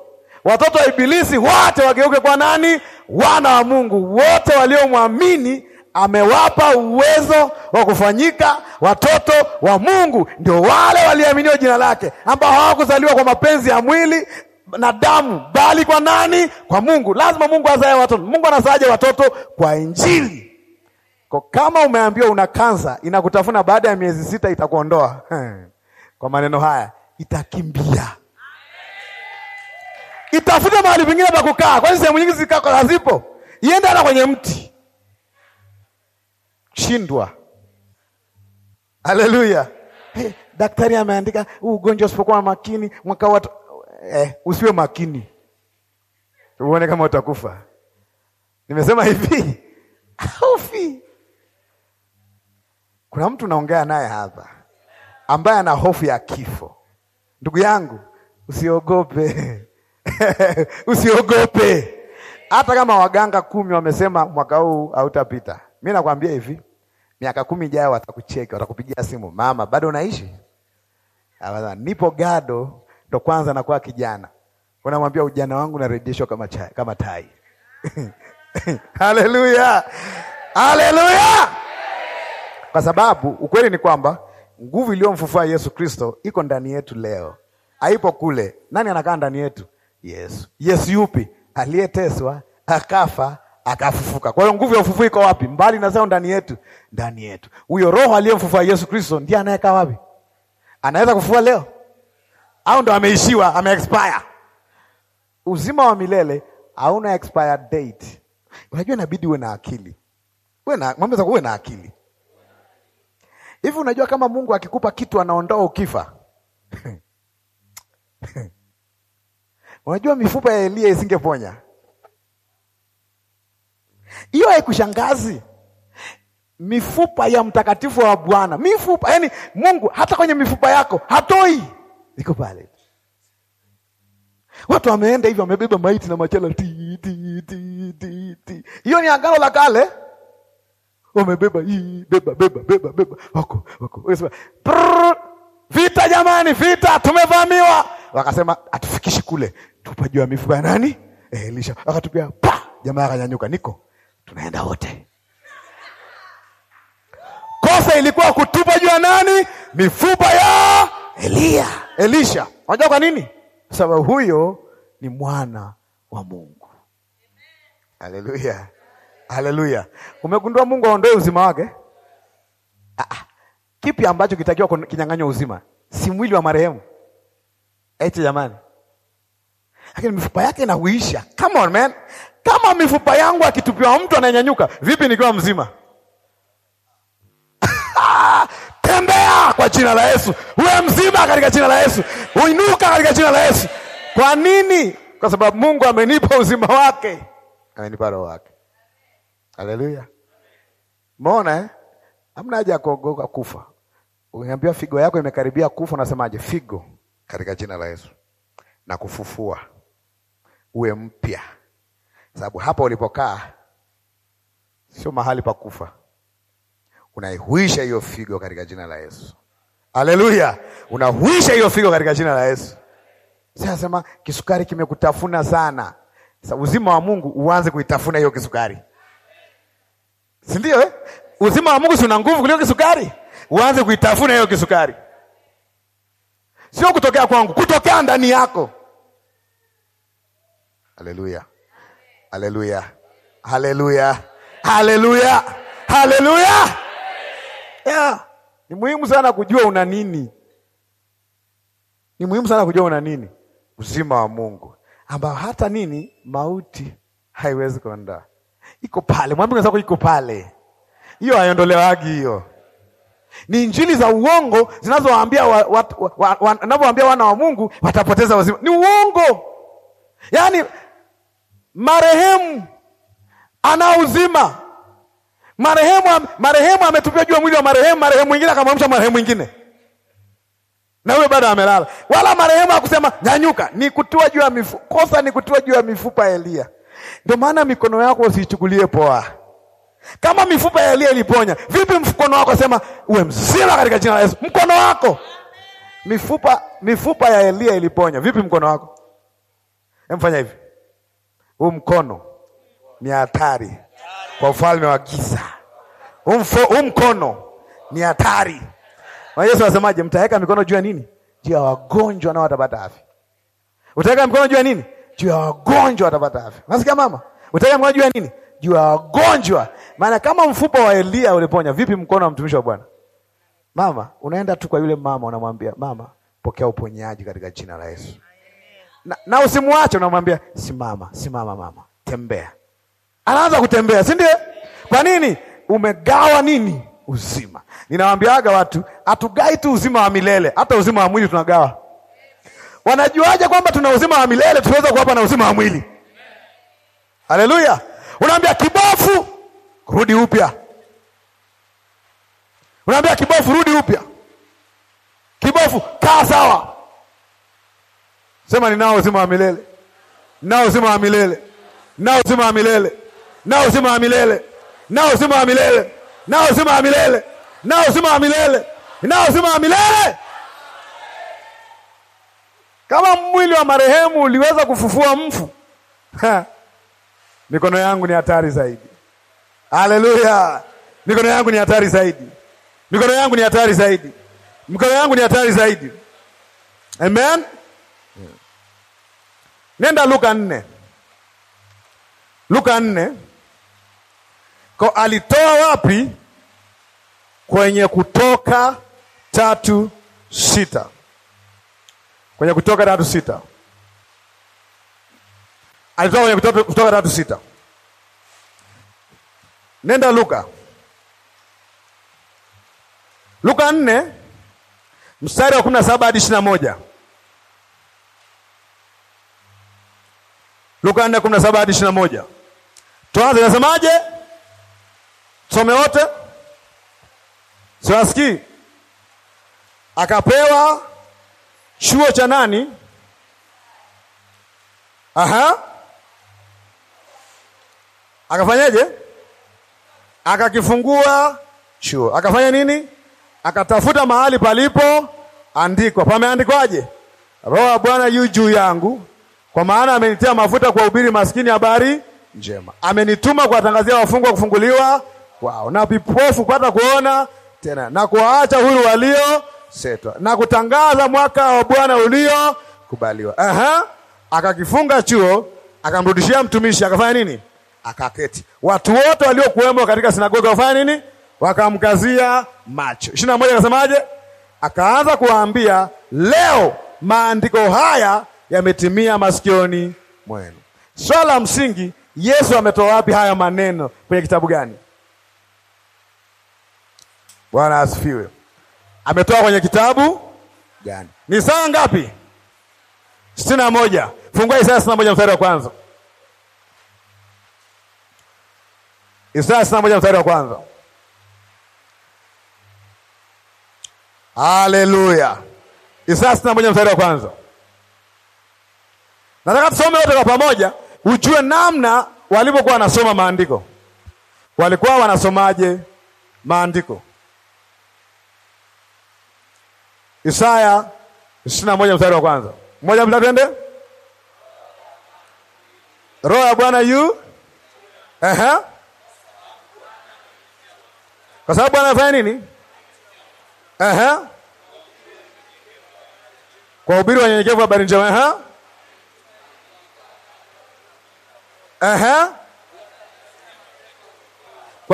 watoto wa Ibilisi wote wageuke kwa nani? Wana wa Mungu wote waliomwamini amewapa uwezo wa kufanyika watoto wa Mungu, ndio wale waliaminiwa jina lake, ambao hawakuzaliwa kwa mapenzi ya mwili na damu, bali kwa nani? Kwa Mungu. Lazima Mungu azae watoto. Mungu anazaje watoto? Kwa Injili. Kwa kama umeambiwa una kansa inakutafuna, baada ya miezi sita itakuondoa kwa maneno haya, itakimbia itafuta mahali pengine pa kukaa, kwani sehemu nyingi hazipo. Iende hata kwenye mti shindwa. Haleluya! Hey, daktari ameandika huu ugonjwa, usipokuwa makini mwaka watu eh, usiwe makini uone kama utakufa. Nimesema hivi hofi. Kuna mtu naongea naye hapa ambaye ana hofu ya kifo. Ndugu yangu, usiogope usiogope, hata kama waganga kumi wamesema mwaka huu hautapita. Mi nakwambia hivi, miaka kumi ijayo watakucheki, watakupigia simu, mama bado unaishi? Nipo gado, ndo kwanza nakuwa kijana. Unamwambia ujana wangu narejeshwa kama, kama tai Haleluya, haleluya! Kwa sababu ukweli ni kwamba nguvu iliyomfufua Yesu Kristo iko ndani yetu leo, haipo kule. Nani anakaa ndani yetu? Yesu. Yesu yupi? Aliyeteswa akafa akafufuka. Kwa hiyo nguvu ya ufufuo iko wapi? Mbali na zao, ndani yetu, ndani yetu. Huyo Roho aliyemfufua Yesu Kristo ndiye anayekaa wapi? Anaweza kufufua leo au ndo ameishiwa, ameexpire? Uzima wa milele hauna expire date. Unajua inabidi uwe na akili, uwe na mambo, uwe na akili hivi. Unajua kama Mungu akikupa kitu anaondoa ukifa unajua mifupa ya Elia isingeponya hiyo haikushangazi? Mifupa ya mtakatifu wa Bwana, mifupa yani Mungu hata kwenye mifupa yako hatoi, iko pale. Watu wameenda hivyo, wamebeba maiti na machela Hiyo ni agano la kale, wamebeba hii, beba beba beba beba, wako wako vita, jamani, vita, tumevamiwa. Wakasema atufikishi kule, tupa juu ya mifupa ya nani? Eh, Elisha akatupia, pa jamaa akanyanyuka, niko tunaenda wote. Kosa ilikuwa kutupa juu ya nani? Mifupa ya Elia, Elisha. Unajua kwa nini? Kwa sababu huyo ni mwana wa Mungu. Haleluya, haleluya. Umegundua Mungu aondoe uzima wake? Ah, ah. kipi ambacho kitakiwa kinyang'anywa uzima? Si mwili wa marehemu eti jamani, lakini mifupa yake inahuisha. Come on man, kama mifupa yangu akitupiwa mtu ananyanyuka, vipi nikiwa mzima? Tembea kwa jina la Yesu, uwe mzima katika jina la Yesu, uinuka katika jina la Yesu. Kwa nini? Kwa sababu Mungu amenipa uzima wake, amenipa roho wake. Haleluya! Mona eh? Hamna haja ya kuogoka kufa. Unaambiwa figo yako imekaribia kufa, unasemaje? Figo, katika jina la Yesu na kufufua, uwe mpya sababu hapa ulipokaa sio mahali pa kufa. Unaihuisha hiyo figo katika jina la Yesu. Aleluya, unahuisha hiyo figo katika jina la Yesu. Sasema kisukari kimekutafuna sana. sa uzima wa Mungu uanze kuitafuna hiyo kisukari, si ndio eh? Uzima wa Mungu si una nguvu kuliko kisukari? Uanze kuitafuna hiyo kisukari, sio kutokea kwangu, kutokea ndani yako. Aleluya. Haleluya, haleluya, haleluya, haleluya. Yeah. Ni muhimu sana kujua una nini. Ni muhimu sana kujua una nini, uzima wa Mungu ambao hata nini mauti haiwezi kuondoa. Iko pale, mwambie mwenzako iko pale, hiyo haiondolewagi. Hiyo ni injili za uongo zinazowaambia wanavyowaambia wa, wa, wa, wana wa Mungu watapoteza uzima. Ni uongo, yaani marehemu ana uzima marehemu, marehemu ametupia juu ya mwili wa marehemu, marehemu mwingine akamwamsha marehemu mwingine, na huyo bado amelala. Wala marehemu akusema nyanyuka, ni kutua juu ya mifupa. Kosa ni kutua juu ya mifupa ya Elia. Ndio maana mikono yako usichukulie poa. Kama mifupa ya Elia iliponya, vipi mkono wako? Sema uwe mzima katika jina la Yesu. Mkono wako, mifupa mifupa ya Elia iliponya, vipi mkono wako? Emfanya hivi huu mkono ni hatari kwa ufalme wa giza. Huu mkono ni hatari. Yesu anasemaje? Mtaweka mikono juu ya nini? Juu ya wagonjwa nao watapata afya. Utaweka mikono juu ya nini? Juu ya wagonjwa watapata afya. Nasikia mama, utaweka mkono juu ya nini? Juu ya wagonjwa. Maana kama mfupa wa Elia uliponya, vipi mkono wa mtumishi wa Bwana? Mama, unaenda tu kwa yule mama, unamwambia mama, pokea uponyaji katika jina la Yesu na, na usimwache, unamwambia simama, simama mama, tembea. Anaanza kutembea, si ndio? Kwa nini? Umegawa nini? Uzima. Ninawaambiaga watu hatugai tu uzima wa milele, hata uzima wa mwili tunagawa. Wanajuaje kwamba tuna uzima wa milele? Tunaweza kuwapa na uzima wa mwili. Haleluya! Unaambia kibofu rudi upya, unaambia kibofu rudi upya, kibofu kaa sawa Sema ninao uzima wa milele, nao uzima wa milele, nao uzima wa milele, nao uzima wa milele, nao uzima wa milele, nao uzima wa milele, nao uzima wa milele, nao uzima wa milele. Kama mwili wa marehemu uliweza kufufua mfu, mikono yangu ni hatari zaidi. Haleluya! mikono yangu ni hatari zaidi, mikono yangu ni hatari zaidi, mikono yangu ni hatari zaidi. Amen. Nenda Luka nne, Luka nne Ko alitoa wapi? Kwenye Kutoka tatu sita kwenye Kutoka tatu sita alitoa kwenye Kutoka, Kutoka tatu sita Nenda Luka Luka nne mstari wa kumi na saba hadi ishirini na moja. Luka 4:17 hadi 21. Tuanze, nasemaje? Some wote. Siwasikii. Akapewa chuo cha nani? Aha. Akafanyaje? Akakifungua chuo. Akafanya nini? Akatafuta mahali palipo andikwa. Pameandikwaje? Roho ya Bwana yu juu yangu kwa maana amenitia mafuta kuwahubiri maskini habari njema, amenituma kuwatangazia wafungwa kufunguliwa kwao, na vipofu kupata kuona tena, na kuwaacha huru setwa, na kutangaza mwaka wa Bwana kubaliwa. Aha, akakifunga chuo, akamrudishia mtumishi, akafanya nini? Akaketi. Watu wote waliokuwemo katika sinagogi wakafanya nini? Wakamkazia macho. ishirini na moja, akasemaje? Akaanza kuwaambia, leo maandiko haya yametimia masikioni mwenu. Swala la msingi, Yesu ametoa wapi haya maneno? Kwenye kitabu gani? Bwana asifiwe. Ametoa kwenye kitabu gani? Ni Isaya ngapi? sitini na moja. Fungua Isaya sitini na moja mstari wa kwanza. Isaya sitini na moja mstari wa kwanza. Haleluya! Isaya sitini na moja mstari wa kwanza. Nataka tusome wote kwa pamoja, ujue namna walipokuwa wanasoma maandiko. Walikuwa wanasomaje maandiko? Isaya ishirini na moja mstari wa kwanza moja mtatende Roho ya Bwana yu Aha. Kwa sababu Bwana afanya nini? Aha. Kwa ubiri wa nyenyekevu habari njema. Aha. Ehe.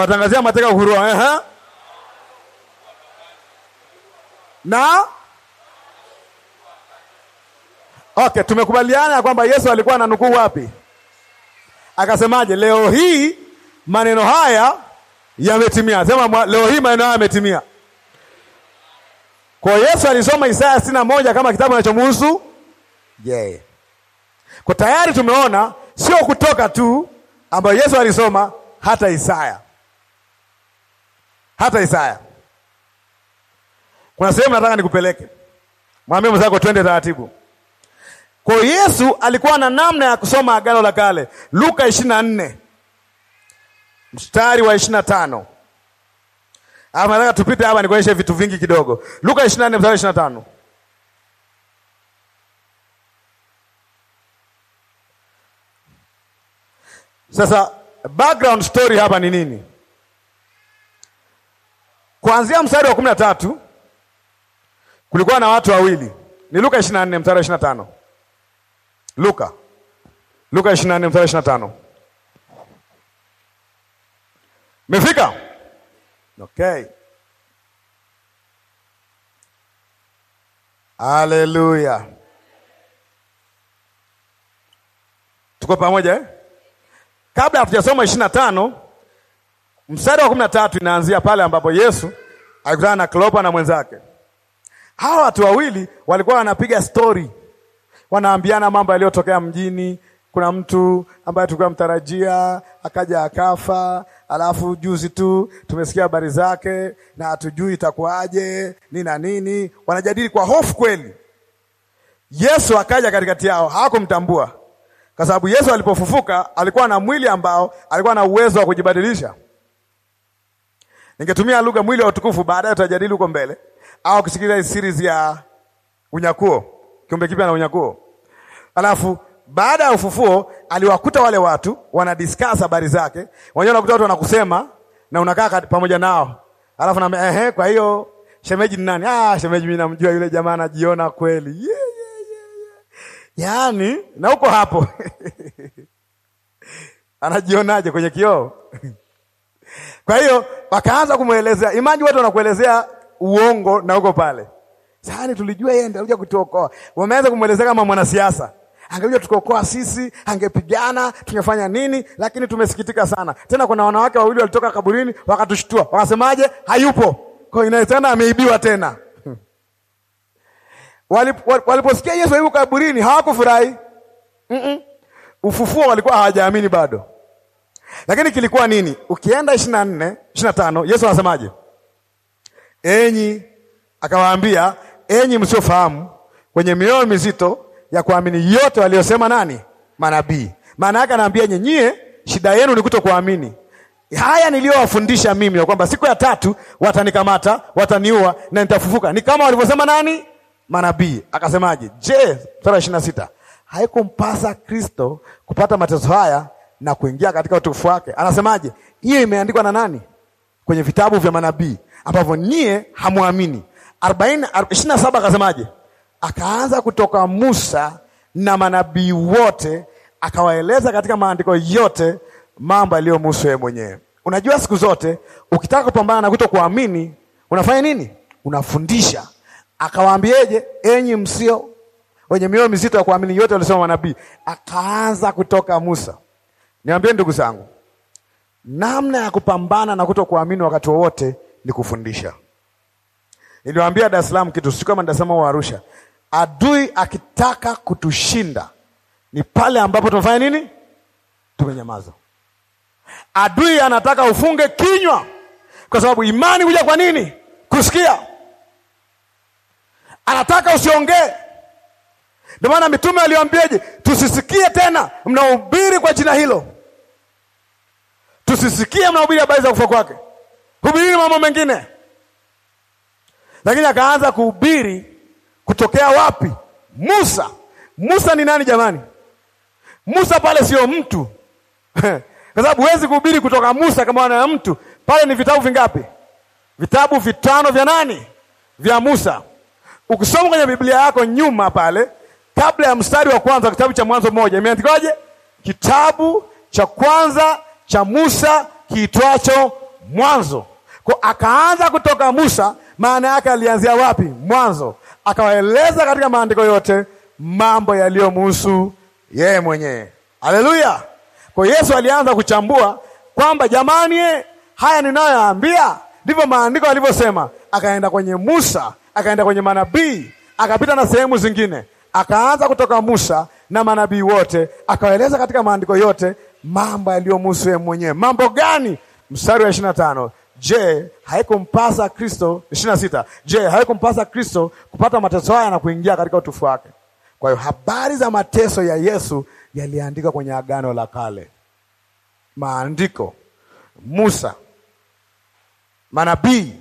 tangazia mateka uhuru wao. Ehe. Na Okay, tumekubaliana ya kwamba Yesu alikuwa ananukuu wapi? Akasemaje? Leo hii maneno haya yametimia. Sema leo hii maneno haya yametimia. Kwa Yesu alisoma Isaya sitini na moja kama kitabu kinachomhusu yeye. Yeah. Kwa tayari tumeona sio kutoka tu ambayo Yesu alisoma, hata Isaya, hata Isaya. Kuna sehemu nataka nikupeleke, mwambie mwenzako twende taratibu. Kwa Yesu alikuwa na namna ya kusoma agano la kale. Luka 24 na nne mstari wa 25. na tano ama nataka tupite hapa nikuonyeshe vitu vingi kidogo. Luka 24 nne mstari wa ishirini tano. Sasa background story hapa ni nini? Kuanzia mstari wa kumi na tatu kulikuwa na watu wawili, ni Luka 24 mstari wa 25. Luka Luka 24 mstari wa 25. Mefika? Okay. Hallelujah. tuko pamoja eh? kabla hatujasoma ishirini na tano mstari wa kumi na tatu inaanzia pale ambapo Yesu alikutana na Kleopa na mwenzake. Hawa watu wawili walikuwa wanapiga stori, wanaambiana mambo yaliyotokea mjini. Kuna mtu ambaye tulikuwa mtarajia akaja akafa, alafu juzi tu tumesikia habari zake na hatujui itakuwaje, ni na nini. Wanajadili kwa hofu kweli. Yesu akaja katikati yao, hawakumtambua kwa sababu Yesu alipofufuka alikuwa na mwili ambao alikuwa na uwezo wa kujibadilisha. Ningetumia lugha mwili wa utukufu, baadaye tutajadili huko mbele, au kusikiliza series ya unyakuo, kiumbe kipya na unyakuo. Alafu baada ya ufufuo aliwakuta wale watu wana discuss habari zake wenyewe, unakuta watu wanakusema na unakaa pamoja nao, alafu na ehe, kwa hiyo shemeji ni nani? Ah, shemeji mimi namjua, yule jamaa anajiona kweli yeah yaani, na uko hapo anajionaje kwenye kioo? Kwa hiyo wakaanza kumwelezea imani, watu wanakuelezea uongo na uko pale sani, tulijua yeye ndiye alikuja kutuokoa. Wameanza kumwelezea kama mwanasiasa, angekuja tukokoa sisi, angepigana, tungefanya nini, lakini tumesikitika sana. Tena kuna wanawake wawili walitoka kaburini wakatushtua, wakasemaje? Hayupo. Kwa hiyo inaitana ameibiwa tena. Waliposikia Yesu yuko kaburini hawakufurahi. mm -mm. Ufufuo walikuwa hawajaamini bado, lakini kilikuwa nini? Ukienda ishirini na nne ishirini na tano Yesu anasemaje? Enyi akawaambia, enyi msiofahamu, kwenye mioyo mizito ya kuamini yote waliosema nani? Manabii. Maana yake anaambia nyenyie, shida yenu ni kutokuamini haya niliyowafundisha mimi, ya kwamba siku ya tatu watanikamata, wataniua na nitafufuka, ni kama walivyosema nani? manabii akasemaje? Je, sura ishirini na sita haikumpasa Kristo kupata mateso haya na kuingia katika utukufu wake? Anasemaje? hiyo imeandikwa na nani kwenye vitabu vya manabii ambavyo nyie hamwamini. arobaini ishirini na saba akasemaje? Akaanza kutoka Musa na manabii wote, akawaeleza katika maandiko yote mambo yaliyomhusu yeye mwenyewe. Unajua, siku zote ukitaka kupambana na kuto kuamini unafanya nini? Unafundisha Akawaambieje? Enyi msio wenye mioyo mizito ya kuamini yote walisema manabii, akaanza kutoka Musa. Niambie ndugu zangu, namna ya kupambana na kutokuamini wakati wowote ni kufundisha. Niliwaambia Dar es Salaam kitu, sio kama Dar es Salaam au Arusha. Adui akitaka kutushinda ni pale ambapo tunafanya nini? Tumenyamaza. Adui anataka ufunge kinywa, kwa sababu imani huja kwa nini? Kusikia anataka usiongee. Ndio maana mitume aliwaambiaje? Tusisikie tena mnahubiri kwa jina hilo, tusisikie mnahubiri habari za kufa kwake, hubiri mambo mengine. Lakini akaanza kuhubiri kutokea wapi? Musa. Musa ni nani jamani? Musa pale sio mtu kwa sababu huwezi kuhubiri kutoka Musa kama wana mtu pale. Ni vitabu vingapi? Vitabu vitano vya nani? Vya Musa. Ukisoma kwenye Biblia yako nyuma pale, kabla ya mstari wa kwanza kitabu cha Mwanzo moja imeandikwaje? Kitabu cha kwanza cha Musa kiitwacho Mwanzo. Kwa akaanza kutoka Musa, maana yake alianzia wapi? Mwanzo. Akawaeleza katika maandiko yote mambo yaliyomhusu yeye mwenyewe. Haleluya! Kwa Yesu alianza kuchambua kwamba jamani, haya ninayoambia ndivyo maandiko alivyosema. Akaenda kwenye Musa akaenda kwenye manabii, akapita na sehemu zingine, akaanza kutoka Musa na manabii wote, akaeleza katika maandiko yote mambo yaliyomhusu yeye mwenyewe. Mambo gani? Mstari wa ishirini na tano. Je, haikumpasa Kristo ishirini na sita. Je, haikumpasa Kristo kupata mateso haya na kuingia katika utufu wake? Kwa hiyo habari za mateso ya Yesu yaliandikwa kwenye Agano la Kale, maandiko, Musa, manabii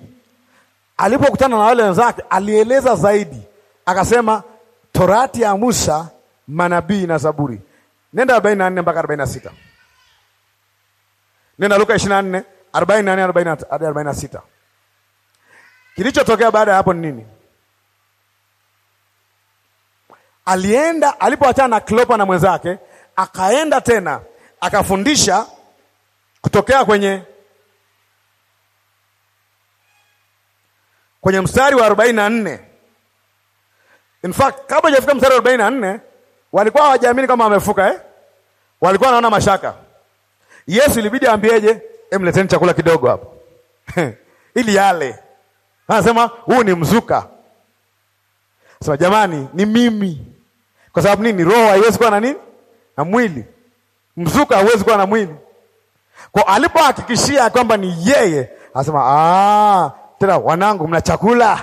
Alipokutana na wale wenzake alieleza zaidi, akasema torati ya Musa, manabii na Zaburi. Nenda 44 mpaka 46. Nenda Luka 24 44 hadi 46. Kilichotokea baada ya hapo ni nini? Alienda alipoachana na Klopa na mwenzake, akaenda tena akafundisha kutokea kwenye kwenye mstari wa 44. in fact kabla hajafika mstari wa 44, walikuwa hawajaamini kama amefuka eh? walikuwa wanaona mashaka. Yesu ilibidi aambieje? Emleteni chakula kidogo hapo ili yale. Anasema huu ni mzuka. Sema jamani, ni mimi. Kwa sababu nini? Roho haiwezi kuwa na nini na mwili. Mzuka hauwezi kuwa na mwili. Kwa alipohakikishia kwamba ni yeye, anasema ah, tena, wanangu, mna chakula?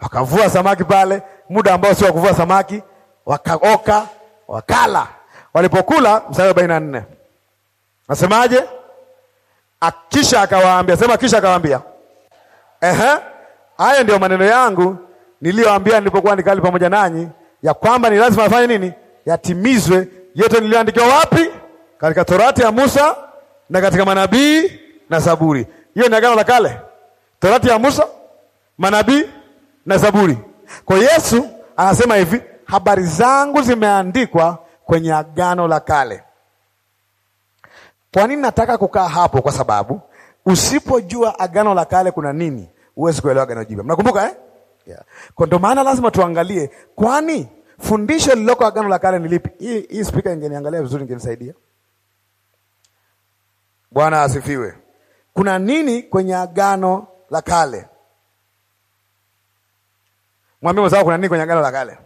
Wakavua samaki pale, muda ambao sio wa kuvua samaki, wakaoka wakala. Walipokula, mstari arobaini na nne nasemaje? Akisha akawaambia, sema kisha akawaambia, ehe, haya ndio maneno yangu niliyoambia nilipokuwa nikali pamoja nanyi, ya kwamba ni lazima afanye nini? Yatimizwe yote niliyoandikiwa. Wapi? Katika Torati ya Musa na katika manabii na Zaburi. Hiyo ni agano la kale. Torati ya Musa, manabii na Zaburi. Kwa Yesu anasema hivi, habari zangu zimeandikwa kwenye agano la kale. Kwa nini nataka kukaa hapo? Kwa sababu usipojua agano la kale kuna nini, huwezi kuelewa agano jipya. Mnakumbuka eh? Yeah. Kwa ndo maana lazima tuangalie, kwani fundisho lililoko agano la kale ni lipi? Hii hii spika ingeniangalia vizuri, ingenisaidia. Bwana asifiwe. Kuna nini kwenye agano la kale. Mwambie mwenzako kuna nini kwenye agano la kale?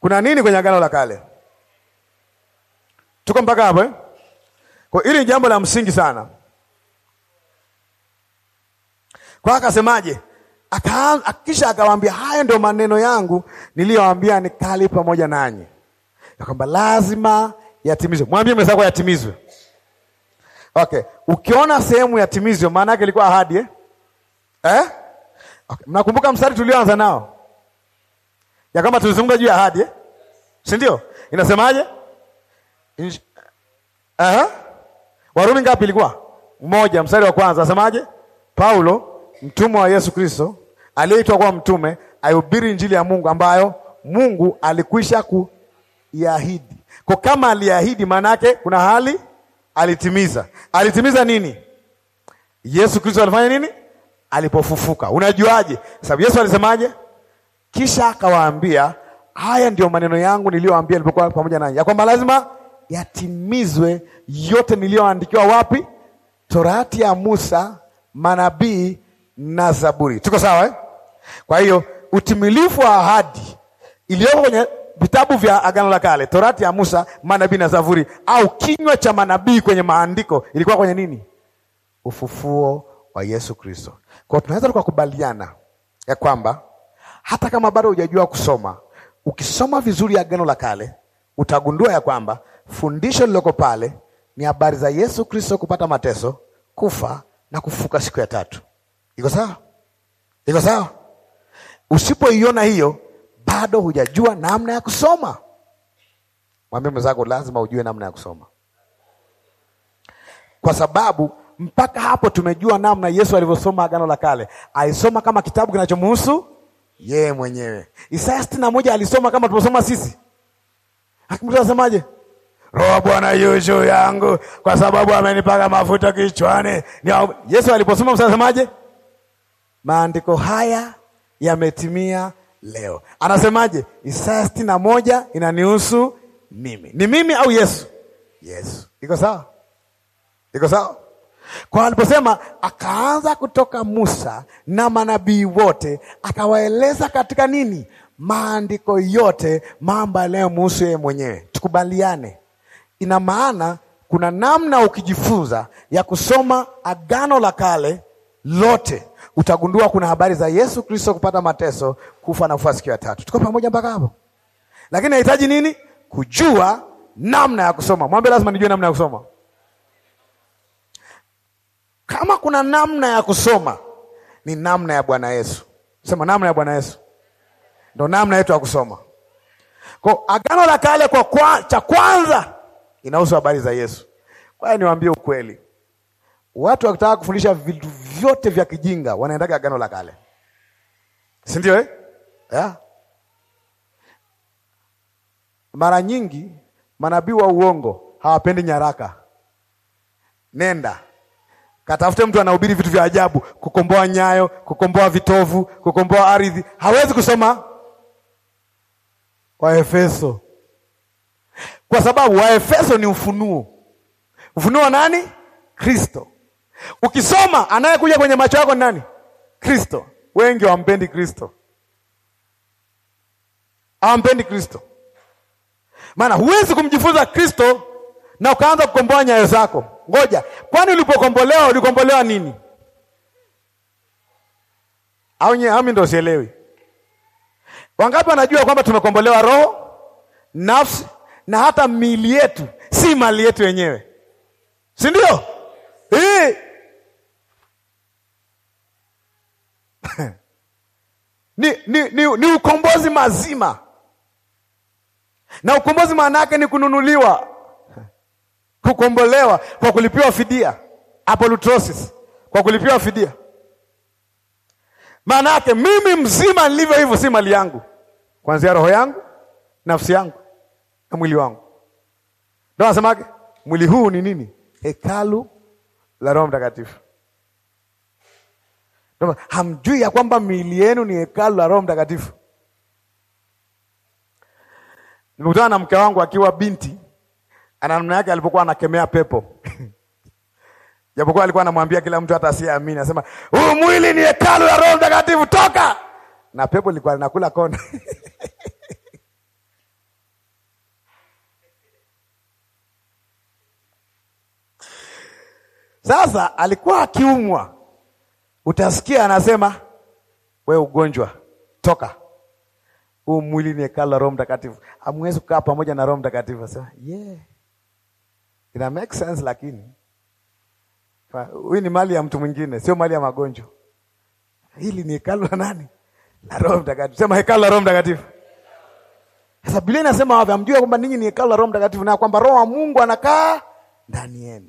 Kuna nini kwenye agano la kale? Tuko mpaka hapo eh? Kwa hili ni jambo la msingi sana. Kwa akasemaje? akisha kisha akawaambia haya ndio maneno yangu niliyowaambia nikali pamoja nanyi, ya kwamba lazima yatimizwe. Mwambie mwenzako yatimizwe. Okay, ukiona sehemu ya timizio, maana yake ilikuwa ahadi eh? Eh? Okay. Mnakumbuka mstari tulioanza nao ya kwamba tulizungumza juu ya ahadi eh? si ndio? Inasemaje? Inj... Uh-huh. Warumi ngapi ilikuwa? Moja, mstari wa kwanza. nasemaje Paulo mtumwa wa Yesu Kristo aliyeitwa kuwa mtume aihubiri Injili ya Mungu ambayo Mungu alikwisha kuiahidi. Kwa kama aliahidi, maana yake kuna hali alitimiza. Alitimiza nini? Yesu Kristo alifanya nini? Alipofufuka. Unajuaje? Sababu Yesu alisemaje? Kisha akawaambia, haya ndiyo maneno yangu niliyowaambia nilipokuwa pamoja nanyi, ya kwamba lazima yatimizwe yote niliyoandikiwa. Wapi? Torati ya Musa, manabii na Zaburi. Tuko sawa eh? Kwa hiyo utimilifu wa ahadi iliyoko kwenye vitabu vya Agano la Kale, Torati ya Musa, manabii na Zaburi, au kinywa cha manabii kwenye maandiko ilikuwa kwenye nini? Ufufuo wa Yesu Kristo. Kwa tunaweza tukakubaliana ya kwamba hata kama bado hujajua kusoma, ukisoma vizuri Agano la Kale utagundua ya kwamba fundisho lililoko pale ni habari za Yesu Kristo kupata mateso, kufa na kufuka siku ya tatu. Iko sawa? Iko sawa? Usipoiona hiyo bado hujajua namna ya kusoma. Mwambie mwenzako, lazima ujue namna ya kusoma, kwa sababu mpaka hapo tumejua namna Yesu alivyosoma Agano la Kale. Alisoma kama kitabu kinachomhusu yeye mwenyewe. Isaya sitini na moja alisoma kama tulivyosoma sisi. Akimtu asemaje? Roho Bwana yu juu yangu kwa sababu amenipaka mafuta kichwani. Yesu aliposoma msasemaje? Maandiko haya yametimia leo. Anasemaje? Isaya sitini na moja inanihusu mimi. Ni mimi au Yesu? Yesu. Iko sawa? Iko sawa? Kwa aliposema akaanza kutoka Musa na manabii wote, akawaeleza katika nini? Maandiko yote mambo yanayomuhusu yeye mwenyewe. Tukubaliane, ina maana kuna namna ukijifunza ya kusoma Agano la Kale lote utagundua kuna habari za Yesu Kristo kupata mateso, kufa na kufua siku ya tatu. Tuko pamoja mpaka hapo? Lakini nahitaji nini? Kujua namna ya kusoma. Mwambie lazima nijue namna ya kusoma. Kama kuna namna ya kusoma, ni namna ya Bwana Yesu. Sema namna ya Bwana Yesu ndo namna yetu ya kusoma. Kwa Agano la Kale kwa kwa, cha kwanza inahusu habari za Yesu. Kwa hiyo niwaambie ukweli, watu wakitaka kufundisha vitu vyote vya kijinga wanaendaga Agano la Kale, si ndio eh? yeah. Mara nyingi manabii wa uongo hawapendi nyaraka. Nenda katafute mtu anahubiri vitu vya ajabu, kukomboa nyayo, kukomboa vitovu, kukomboa ardhi. Hawezi kusoma Waefeso kwa sababu Waefeso ni ufunuo. Ufunuo wa nani? Kristo. Ukisoma anayekuja kwenye macho yako nani? Kristo. Wengi wampendi Kristo hawampendi Kristo. Maana huwezi kumjifunza Kristo na ukaanza kukomboa nyayo zako. Ngoja, kwani ulipokombolewa ulikombolewa nini? Au nyewe ami ndo sielewi. Wangapi wanajua kwamba tumekombolewa roho, nafsi na hata miili yetu, si mali yetu wenyewe, si ndio? Ni, ni, ni, ni ukombozi mazima na ukombozi maana yake ni kununuliwa, kukombolewa kwa kulipiwa fidia, apolutrosis, kwa kulipiwa fidia. Maana yake mimi mzima nilivyo hivyo si mali yangu, kuanzia roho yangu, nafsi yangu na mwili wangu. Ndio nasemaje? Mwili huu ni nini? Hekalu la Roho Mtakatifu. Hamjui ya kwamba miili yenu ni hekalu la Roho Mtakatifu. Nimekutana na mke wangu akiwa binti, ana namna yake alipokuwa anakemea pepo japokuwa alikuwa anamwambia kila mtu hata asiyeamini, anasema huu mwili ni hekalu ya Roho Mtakatifu, toka. Na pepo lilikuwa linakula kona Sasa alikuwa akiumwa, utasikia anasema, we ugonjwa, toka huu mwili ni hekalu la Roho Mtakatifu. amwezi kukaa pamoja na Roho Mtakatifu. Sasa yeah, ina make sense, lakini huyu ni mali ya mtu mwingine, sio mali ya magonjwa. Hili ni hekalu la nani? La Roho Mtakatifu. Sema hekalu la Roho Mtakatifu. Sasa Biblia inasema wapi? Amjue kwamba ninyi ni hekalu la Roho Mtakatifu na kwamba Roho wa Mungu anakaa ndani yenu.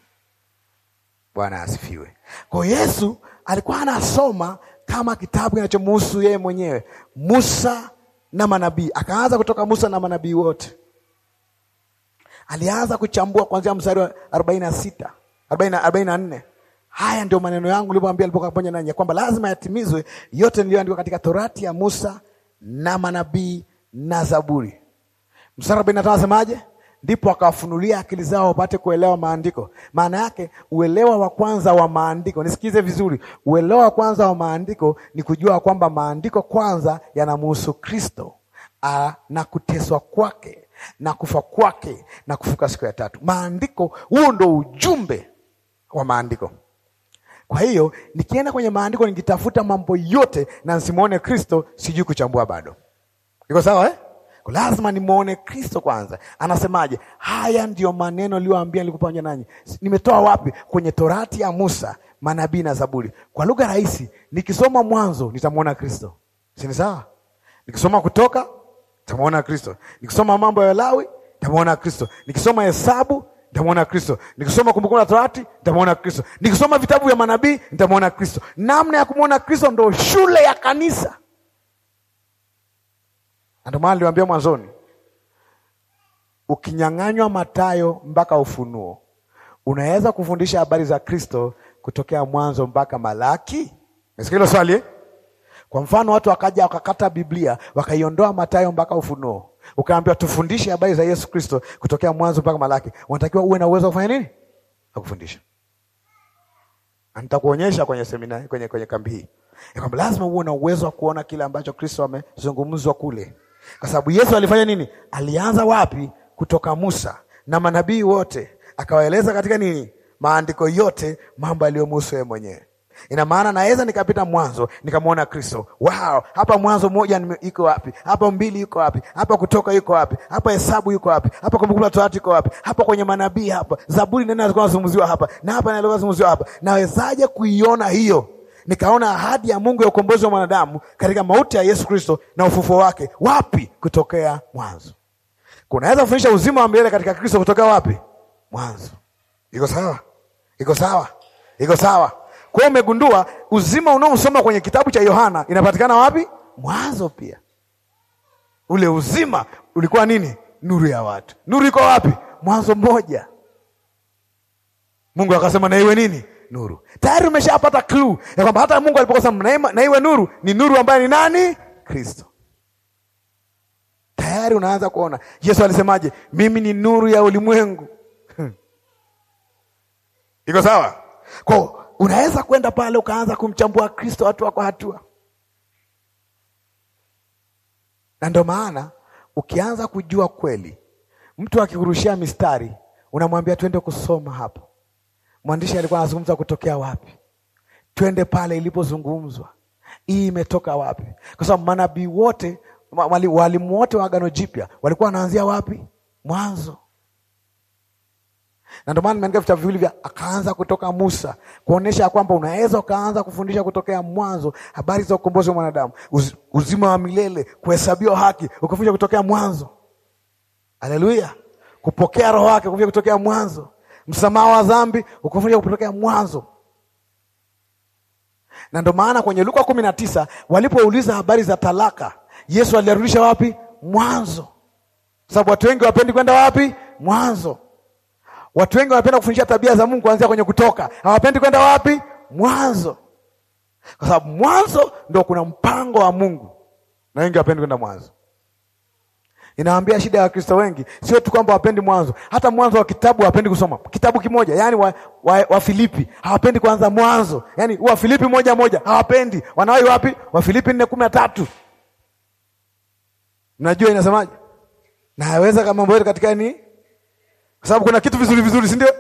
Bwana asifiwe. Kwa Yesu alikuwa anasoma kama kitabu kinachomhusu yeye mwenyewe. Musa na manabii, akaanza kutoka Musa na manabii wote. Alianza kuchambua kuanzia mstari wa arobaini na sita arobaini na nne Haya ndio maneno yangu nilipoambia alipokuwa pamoja nanyi, kwamba lazima yatimizwe yote niliyoandikwa katika Torati ya Musa na manabii na Zaburi. Mstari arobaini na tano asemaje? ndipo akawafunulia akili zao wapate kuelewa maandiko. Maana yake uelewa wa kwanza wa maandiko, nisikize vizuri, uelewa wa kwanza wa maandiko ni kujua kwamba maandiko kwanza yanamuhusu Kristo na kuteswa kwake na kufa kwake na kufuka siku ya tatu. Maandiko, huo ndo ujumbe wa maandiko. Kwa hiyo nikienda kwenye maandiko nikitafuta mambo yote na nsimwone Kristo, sijui kuchambua bado. Iko sawa eh? Kwa lazima nimwone Kristo kwanza. Anasemaje? Haya ndiyo maneno niliyowaambia pamoja nanyi. Nimetoa wapi? Kwenye Torati ya Musa, manabii na Zaburi. Kwa lugha rahisi, nikisoma Mwanzo nitamwona Kristo, si ni sawa? Nikisoma Kutoka nitamwona Kristo, nikisoma Mambo ya Lawi nitamwona Kristo, nikisoma Hesabu nitamwona Kristo, nikisoma Kumbukumbu la Torati nitamwona Kristo, nikisoma vitabu vya manabii nitamwona Kristo. Namna ya kumwona Kristo ndo shule ya kanisa na ndio maana niliwaambia mwanzoni, ukinyang'anywa Mathayo mpaka Ufunuo, unaweza kufundisha habari za Kristo kutokea Mwanzo mpaka Malaki. Mesikia hilo swali Kwa mfano watu wakaja wakakata Biblia wakaiondoa Mathayo mpaka Ufunuo, ukaambiwa tufundishe habari za Yesu Kristo kutokea Mwanzo mpaka Malaki, unatakiwa uwe na uwezo wa kufanya nini? Akufundisha. Nitakuonyesha kwenye semina, kwenye, kwenye kambi hii kwamba lazima uwe na uwezo wa kuona kile ambacho Kristo amezungumzwa kule. Kwa sababu Yesu alifanya nini? Alianza wapi? Kutoka Musa na manabii wote, akawaeleza katika nini? Maandiko yote mambo aliyomuhusu yeye mwenyewe. Ina maana naweza nikapita Mwanzo nikamwona Kristo. Wow, hapa Mwanzo moja iko wapi? Hapa mbili iko wapi? Hapa Kutoka iko wapi? Hapa Hesabu iko wapi? Hapa Kumbukumbu la Torati iko wapi? Hapa kwenye manabii, hapa Zaburi nani alikuwa anazungumziwa hapa, na hapa nalikuwa anazungumziwa hapa. Nawezaje kuiona hiyo? nikaona ahadi ya Mungu ya ukombozi wa mwanadamu katika mauti ya Yesu Kristo na ufufuo wake. Wapi? Kutokea mwanzo. Kunaweza kufundisha uzima wa milele katika Kristo kutokea wapi? Mwanzo. Iko sawa? Iko sawa? Iko sawa? Kwa hiyo umegundua uzima unaosoma kwenye kitabu cha Yohana inapatikana wapi? Mwanzo pia. Ule uzima ulikuwa nini? Nuru ya watu. Nuru iko wapi? Mwanzo mmoja. Mungu akasema na iwe nini? nuru. Tayari umeshapata clue ya kwamba hata Mungu alipokosa na iwe nuru, ni nuru ambaye ni nani? Kristo. Tayari unaanza kuona Yesu alisemaje, mimi ni nuru ya ulimwengu. Hmm. Iko sawa? Kwa unaweza kwenda pale ukaanza kumchambua Kristo hatua kwa hatua, na ndio maana ukianza kujua kweli, mtu akikurushia mistari, unamwambia twende kusoma hapo mwandishi alikuwa anazungumza kutokea wapi? Twende pale ilipozungumzwa. Hii imetoka wapi? Kwa sababu manabii wote, walimu wote wa Agano Jipya walikuwa wanaanzia wapi? Mwanzo. Na ndio maana nimeandika vitabu viwili vya akaanza kutoka Musa, kuonesha kwamba unaweza ukaanza kufundisha kutokea mwanzo habari za ukombozi wa mwanadamu, uz, uzima wa milele, kuhesabiwa haki, ukafundisha kutokea mwanzo. Haleluya! kupokea roho wake kufia kutokea mwanzo msamaha wa dhambi ukufundisha kutokea mwanzo. Na ndio maana kwenye Luka kumi na tisa walipouliza habari za talaka, Yesu aliarudisha wapi? Mwanzo, sababu watu wengi wapendi kwenda wapi? Mwanzo. Watu wengi wanapenda kufundisha tabia za Mungu kuanzia kwenye Kutoka, hawapendi kwenda wapi? Mwanzo, kwa sababu mwanzo ndio kuna mpango wa Mungu, na wengi wapendi kwenda mwanzo. Inaambia shida ya Wakristo wengi sio tu kwamba wapendi Mwanzo, hata mwanzo wa kitabu hawapendi kusoma kitabu kimoja, yani wa, wa, wa Filipi hawapendi kuanza Mwanzo, yani wa Filipi moja moja hawapendi. Wanawai wapi? Wa Filipi nne kumi na tatu. Mnajua inasemaje? Naweza kama mambo yetu katika nini, kwa sababu kuna kitu vizuri vizuri, si ndio?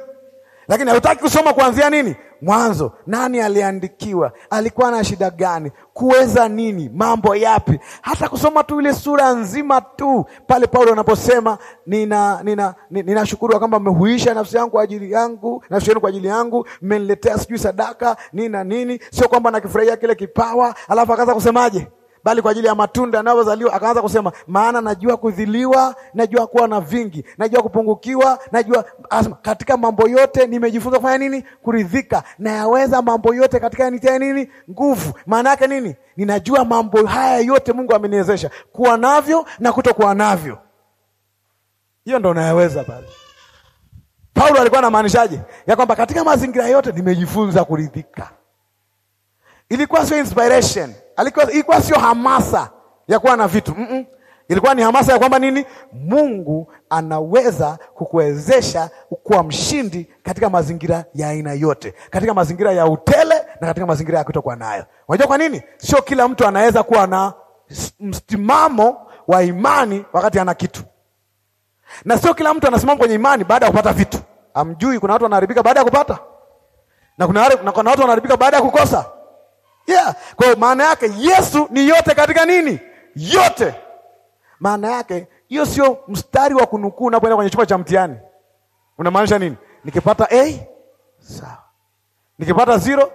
Lakini hautaki kusoma kuanzia nini, Mwanzo nani aliandikiwa? Alikuwa na shida gani? Kuweza nini? Mambo yapi? Hata kusoma tu ile sura nzima tu pale Paulo anaposema nina nina ninashukuru nina kwamba mmehuisha nafsi yangu kwa ajili yangu, nafsi yenu kwa ajili yangu, mmeniletea sijui sadaka nini na nini. Sio kwamba nakifurahia kile kipawa, alafu akaanza kusemaje? bali kwa ajili ya matunda yanayozaliwa. Akaanza kusema, maana najua kudhiliwa, najua kuwa na vingi, najua kupungukiwa, najua asma, katika mambo yote nimejifunza kufanya nini? Kuridhika, nayaweza mambo yote katika yanitia nini? Nguvu. Maana yake nini? Ninajua mambo haya yote Mungu ameniwezesha kuwa navyo na kutokuwa navyo. Hiyo ndo nayaweza pale. Paulo alikuwa anamaanishaje? Ya kwamba katika mazingira yote nimejifunza kuridhika. Ilikuwa sio inspiration, alikuwa ilikuwa sio hamasa ya kuwa na vitu mm -mm. Ilikuwa ni hamasa ya kwamba nini, Mungu anaweza kukuwezesha kuwa mshindi katika mazingira ya aina yote, katika mazingira ya utele na katika mazingira ya kutokuwa nayo. Unajua kwa nini? Sio kila mtu anaweza kuwa na msimamo wa imani wakati ana kitu, na sio kila mtu anasimama kwenye imani baada ya kupata vitu. Amjui, kuna watu wanaharibika baada ya kupata na kuna, na kuna watu wanaharibika baada ya kukosa yeah. Kwa maana yake Yesu ni yote katika nini? Yote. Maana yake hiyo sio mstari wa kunukuu unapoenda kwenye chumba cha mtihani. Unamaanisha nini? Nikipata A sawa, nikipata zero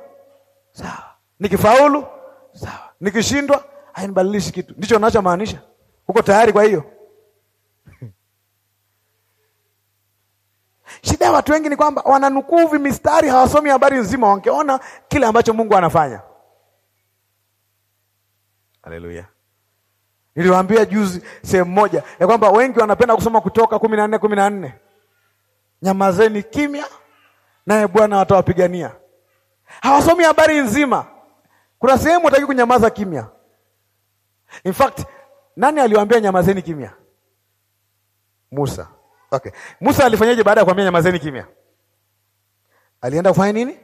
sawa, nikifaulu sawa, nikishindwa hainibadilishi kitu. Ndicho ninachomaanisha. Uko tayari? Kwa hiyo shida ya watu wengi ni kwamba wananukuu vimistari, hawasomi habari nzima. Wangeona kile ambacho Mungu anafanya. Haleluya. Niliwaambia juzi sehemu moja ya kwamba wengi wanapenda kusoma Kutoka kumi na nne kumi na nne nyamazeni kimya, naye Bwana atawapigania. Hawasomi habari nzima. Kuna sehemu wataki kunyamaza kimya. In fact, nani aliwaambia nyamazeni kimya? Musa. Okay. Musa alifanyaje baada ya kuambia nyamazeni kimya? Alienda kufanya nini?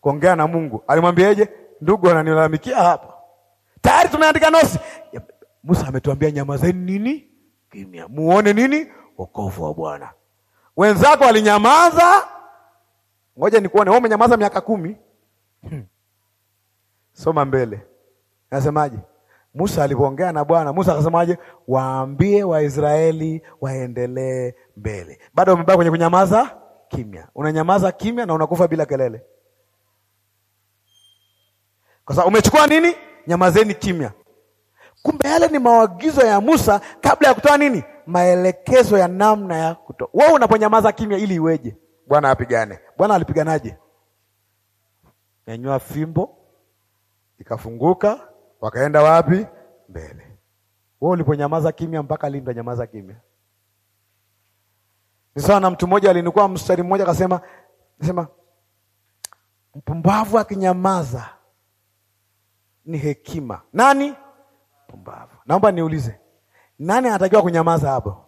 Kuongea na Mungu. Alimwambiaje? Ndugu ananilalamikia hapa tayari tunaandika nosi. Musa ametuambia nyamazeni nini kimya, muone nini wokovu wa Bwana. Wenzako walinyamaza, ngoja nikuone wao umenyamaza miaka kumi. Hmm. Soma mbele, nasemaje? Musa alipoongea na Bwana, Musa akasemaje? Waambie Waisraeli waendelee mbele. Bado umebaki kwenye kunyamaza kimya, unanyamaza kimya na unakufa bila kelele, kwa sababu umechukua nini? nyamazeni kimya. Kumbe yale ni maagizo ya Musa kabla ya kutoa nini, maelekezo ya namna ya kutoa. Wewe unaponyamaza kimya ili iweje? Bwana apigane. Bwana alipiganaje? Nyanyua fimbo ikafunguka, wakaenda wapi? Mbele. Wewe uliponyamaza kimya, mpaka lini utanyamaza kimya? Ni sawa na mtu mmoja alinukua mstari mmoja akasema, nasema mpumbavu akinyamaza ni hekima, nani pumbavu? Naomba niulize, nani anatakiwa kunyamaza hapo?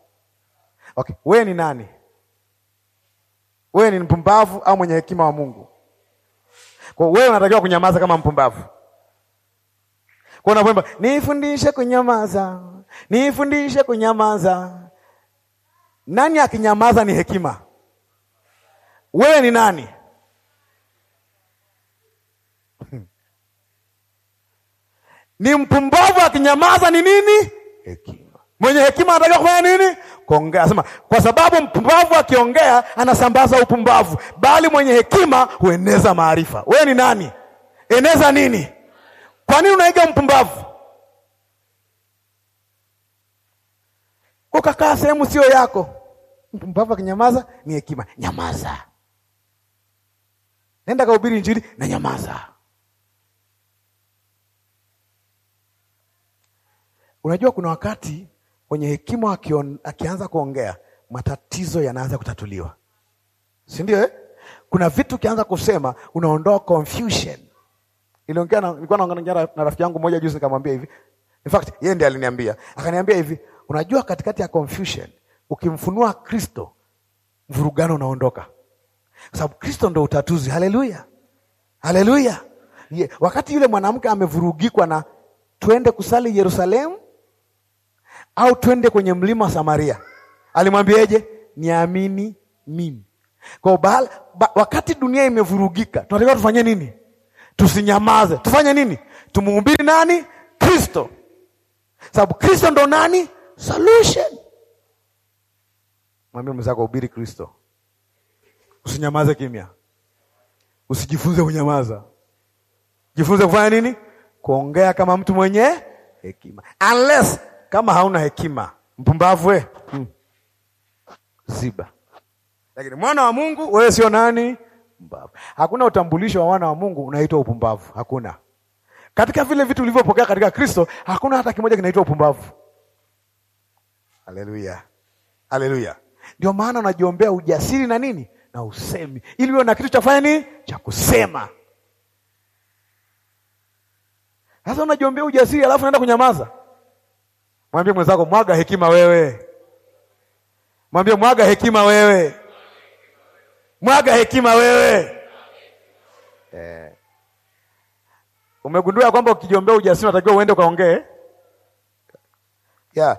Okay, wewe ni nani? Wewe ni mpumbavu au mwenye hekima wa Mungu? Kwa wewe unatakiwa kunyamaza kama mpumbavu. Kwa unapoimba nifundishe kunyamaza, nifundishe kunyamaza, nani akinyamaza ni hekima? Wewe ni nani? Ni mpumbavu akinyamaza ni nini? Hekima. Mwenye hekima anataka kufanya nini? Kuongea. Sema, kwa sababu mpumbavu akiongea anasambaza upumbavu, bali mwenye hekima hueneza maarifa. Wewe ni nani? Eneza nini? Kwa nini unaiga mpumbavu? Ukakaa sehemu sio yako. Mpumbavu akinyamaza ni hekima. Nyamaza, nenda kahubiri Injili na nyamaza. Unajua kuna wakati mwenye hekima akianza kuongea matatizo yanaanza kutatuliwa, si ndio eh? Kuna vitu ukianza kusema unaondoa confusion. Niliongea na nilikuwa naongea na rafiki yangu mmoja juzi, nikamwambia hivi, in fact yeye ndiye aliniambia, akaniambia hivi, unajua katikati ya confusion ukimfunua Kristo mvurugano unaondoka, kwa sababu Kristo ndo utatuzi. Haleluya, haleluya! Ye, wakati yule mwanamke amevurugikwa na twende kusali Yerusalemu au twende kwenye mlima wa Samaria. Alimwambiaje? Niamini mimi. Kwa ba, wakati dunia imevurugika, tunatakiwa tufanye nini? Tusinyamaze, tufanye nini? Tumuhubiri nani? Kristo, sababu Kristo ndo nani? Solution. Mwambie mwenzako, hubiri Kristo, usinyamaze kimya, usijifunze kunyamaza, jifunze kufanya nini? Kuongea kama mtu mwenye hekima unless kama hauna hekima mpumbavu hmm. Ziba. Lakini mwana wa Mungu wewe sio nani? Mpumbavu. Hakuna utambulisho wa wana wa Mungu unaitwa upumbavu, hakuna. Katika vile vitu ulivyopokea katika Kristo, hakuna hata kimoja kinaitwa upumbavu. Haleluya, haleluya! Ndio maana unajiombea ujasiri na nini na usemi, ili uwe na kitu cha fanya nini cha kusema. Sasa unajiombea ujasiri alafu naenda kunyamaza Mwambie mwenzako mwaga hekima wewe. Mwambie mwaga hekima wewe, mwaga hekima wewe. Eh, umegundua kwamba ukijiombea ujasiri unatakiwa uende ukaongee yeah,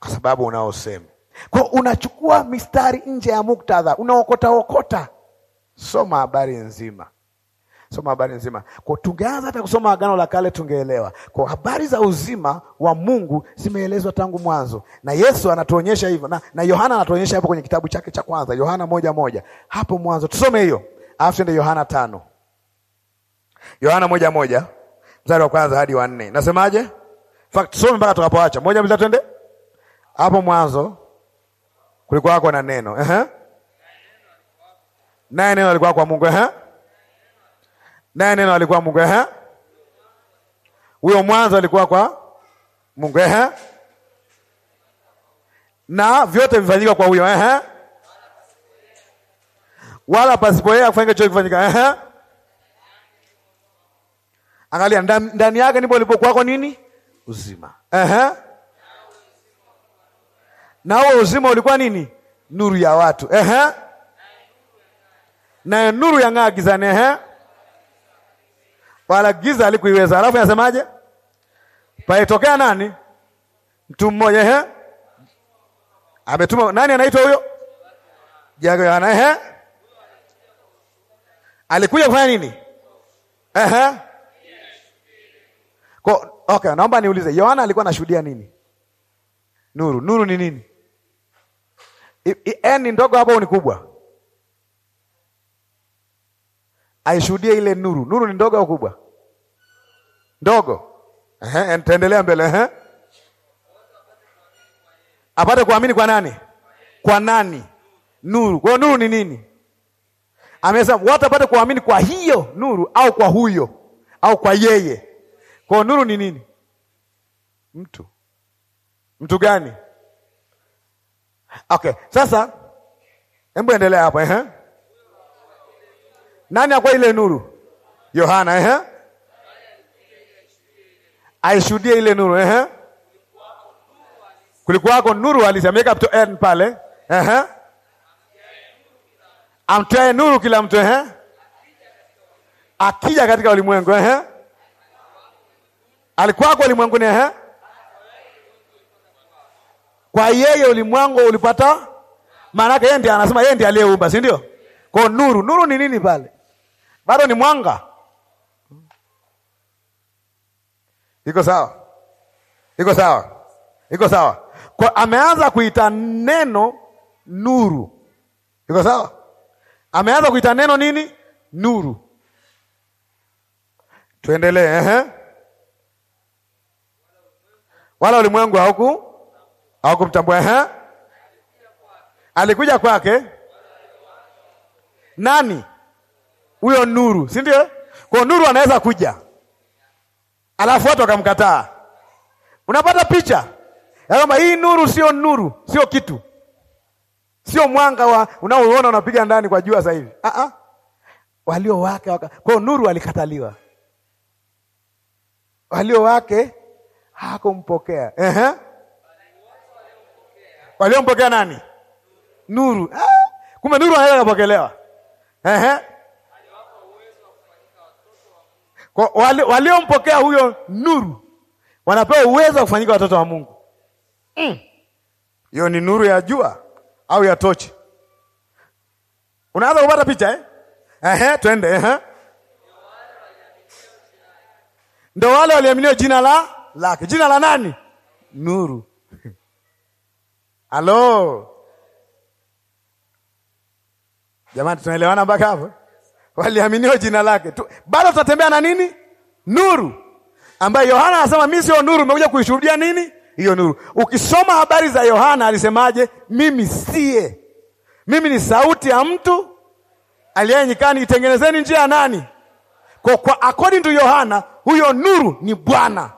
kwa sababu unaosema kwa unachukua mistari nje ya muktadha, unaokota okota. Soma habari nzima soma habari nzima. Kwa tungeanza hata kusoma Agano la Kale tungeelewa. Kwa habari za uzima wa Mungu zimeelezwa tangu mwanzo, na Yesu anatuonyesha hivyo, na, na Yohana anatuonyesha hapo kwenye kitabu chake cha kwanza, Yohana moja moja hapo mwanzo. Tusome hiyo alafu ndio Yohana tano, Yohana moja moja mstari wa kwanza hadi wa nne. Nasemaje? Fact tusome mpaka tukapoacha. moja bila twende hapo mwanzo kulikuwa kwa na neno, ehe, Uh naye neno alikuwa kwa Mungu, ehe naye neno alikuwa Mungu. Ehe, huyo mwanzo alikuwa kwa Mungu. Ehe, na vyote vifanyika kwa huyo. Ehe, wala pasipo yeye akufanyika chochote kufanyika. Ehe, angalia ndani yake ndipo ulipokuwako nini uzima. Ehe, na huo uzima ulikuwa nini? Nuru ya watu. Ehe, naye nuru yang'aa gizani. Ehe wala giza alikuiweza. Alafu yasemaje? Paitokea nani? Mtu mmoja ehe, ametuma nani? Anaitwa huyo Yohana ehe, alikuja kufanya nini? Ehe, kwa okay, naomba niulize, Yohana alikuwa anashuhudia nini? Nuru, nuru ni nini? E, e, ni ndogo hapo au ni kubwa? aishuhudie ile nuru. Nuru ni ndogo au kubwa? Ndogo. Ehe, nitaendelea mbele. apate kuamini kwa nani? Kwa nani? Nuru. Kwa nuru ni nini? Amesema watu apate kuamini kwa hiyo nuru, au kwa huyo, au kwa yeye. Kwa nuru ni nini? Mtu. Mtu gani? Okay, sasa hebu endelea hapa. Ehe. Nani akuwa ile nuru? Yohana ehe, aishuhudie ile nuru ehe, kulikuwako nuru alisi ameweka pale eh? amtwae nuru kila mtu eh? akija katika ulimwengu ehe, alikuwako ulimwenguni eh? kwa yeye ulimwengu ulipata maana yake, yeye ndiye anasema, yeye ndiye aliyeumba, si ndio? Kwa nuru, nuru ni nini pale? bado ni mwanga. Iko sawa? Iko sawa? Iko sawa? Kwa ameanza kuita neno nuru. Iko sawa? Ameanza kuita neno nini? Nuru. Tuendelee, ehe. Wala ulimwengu hauku hawakumtambua, ehe. Alikuja kwake nani? huyo nuru, si ndio? Kwa nuru anaweza kuja alafu watu wakamkataa. Unapata picha ya kwamba hii nuru sio nuru, sio kitu, sio mwanga wa unaoona unapiga ndani kwa jua sasa hivi. Ah ah, walio wake waka. Kwa nuru alikataliwa, walio wake hakumpokea. Ehe, waliompokea nani? Nuru. Ah, kumbe nuru anaweza kupokelewa. Ehe. Kwa wale waliompokea huyo nuru wanapewa uwezo wa kufanyika watoto wa Mungu. Mm. Hiyo mm, ni nuru ya jua au ya tochi? Unaanza kupata picha eh? Ehe, twende eh. Ndio wale waliaminio jina la lake. Jina la nani? Nuru. Halo. Jamani tunaelewana mpaka hapo? waliaminiwa jina lake tu. Bado tutatembea na nini? Nuru ambayo Yohana anasema mimi sio nuru, nimekuja kuishuhudia nini hiyo nuru. Ukisoma habari za Yohana alisemaje? Mimi sie mimi ni sauti ya mtu aliye nyikani, itengenezeni njia ya nani? Kwa, kwa according to Yohana huyo nuru ni Bwana,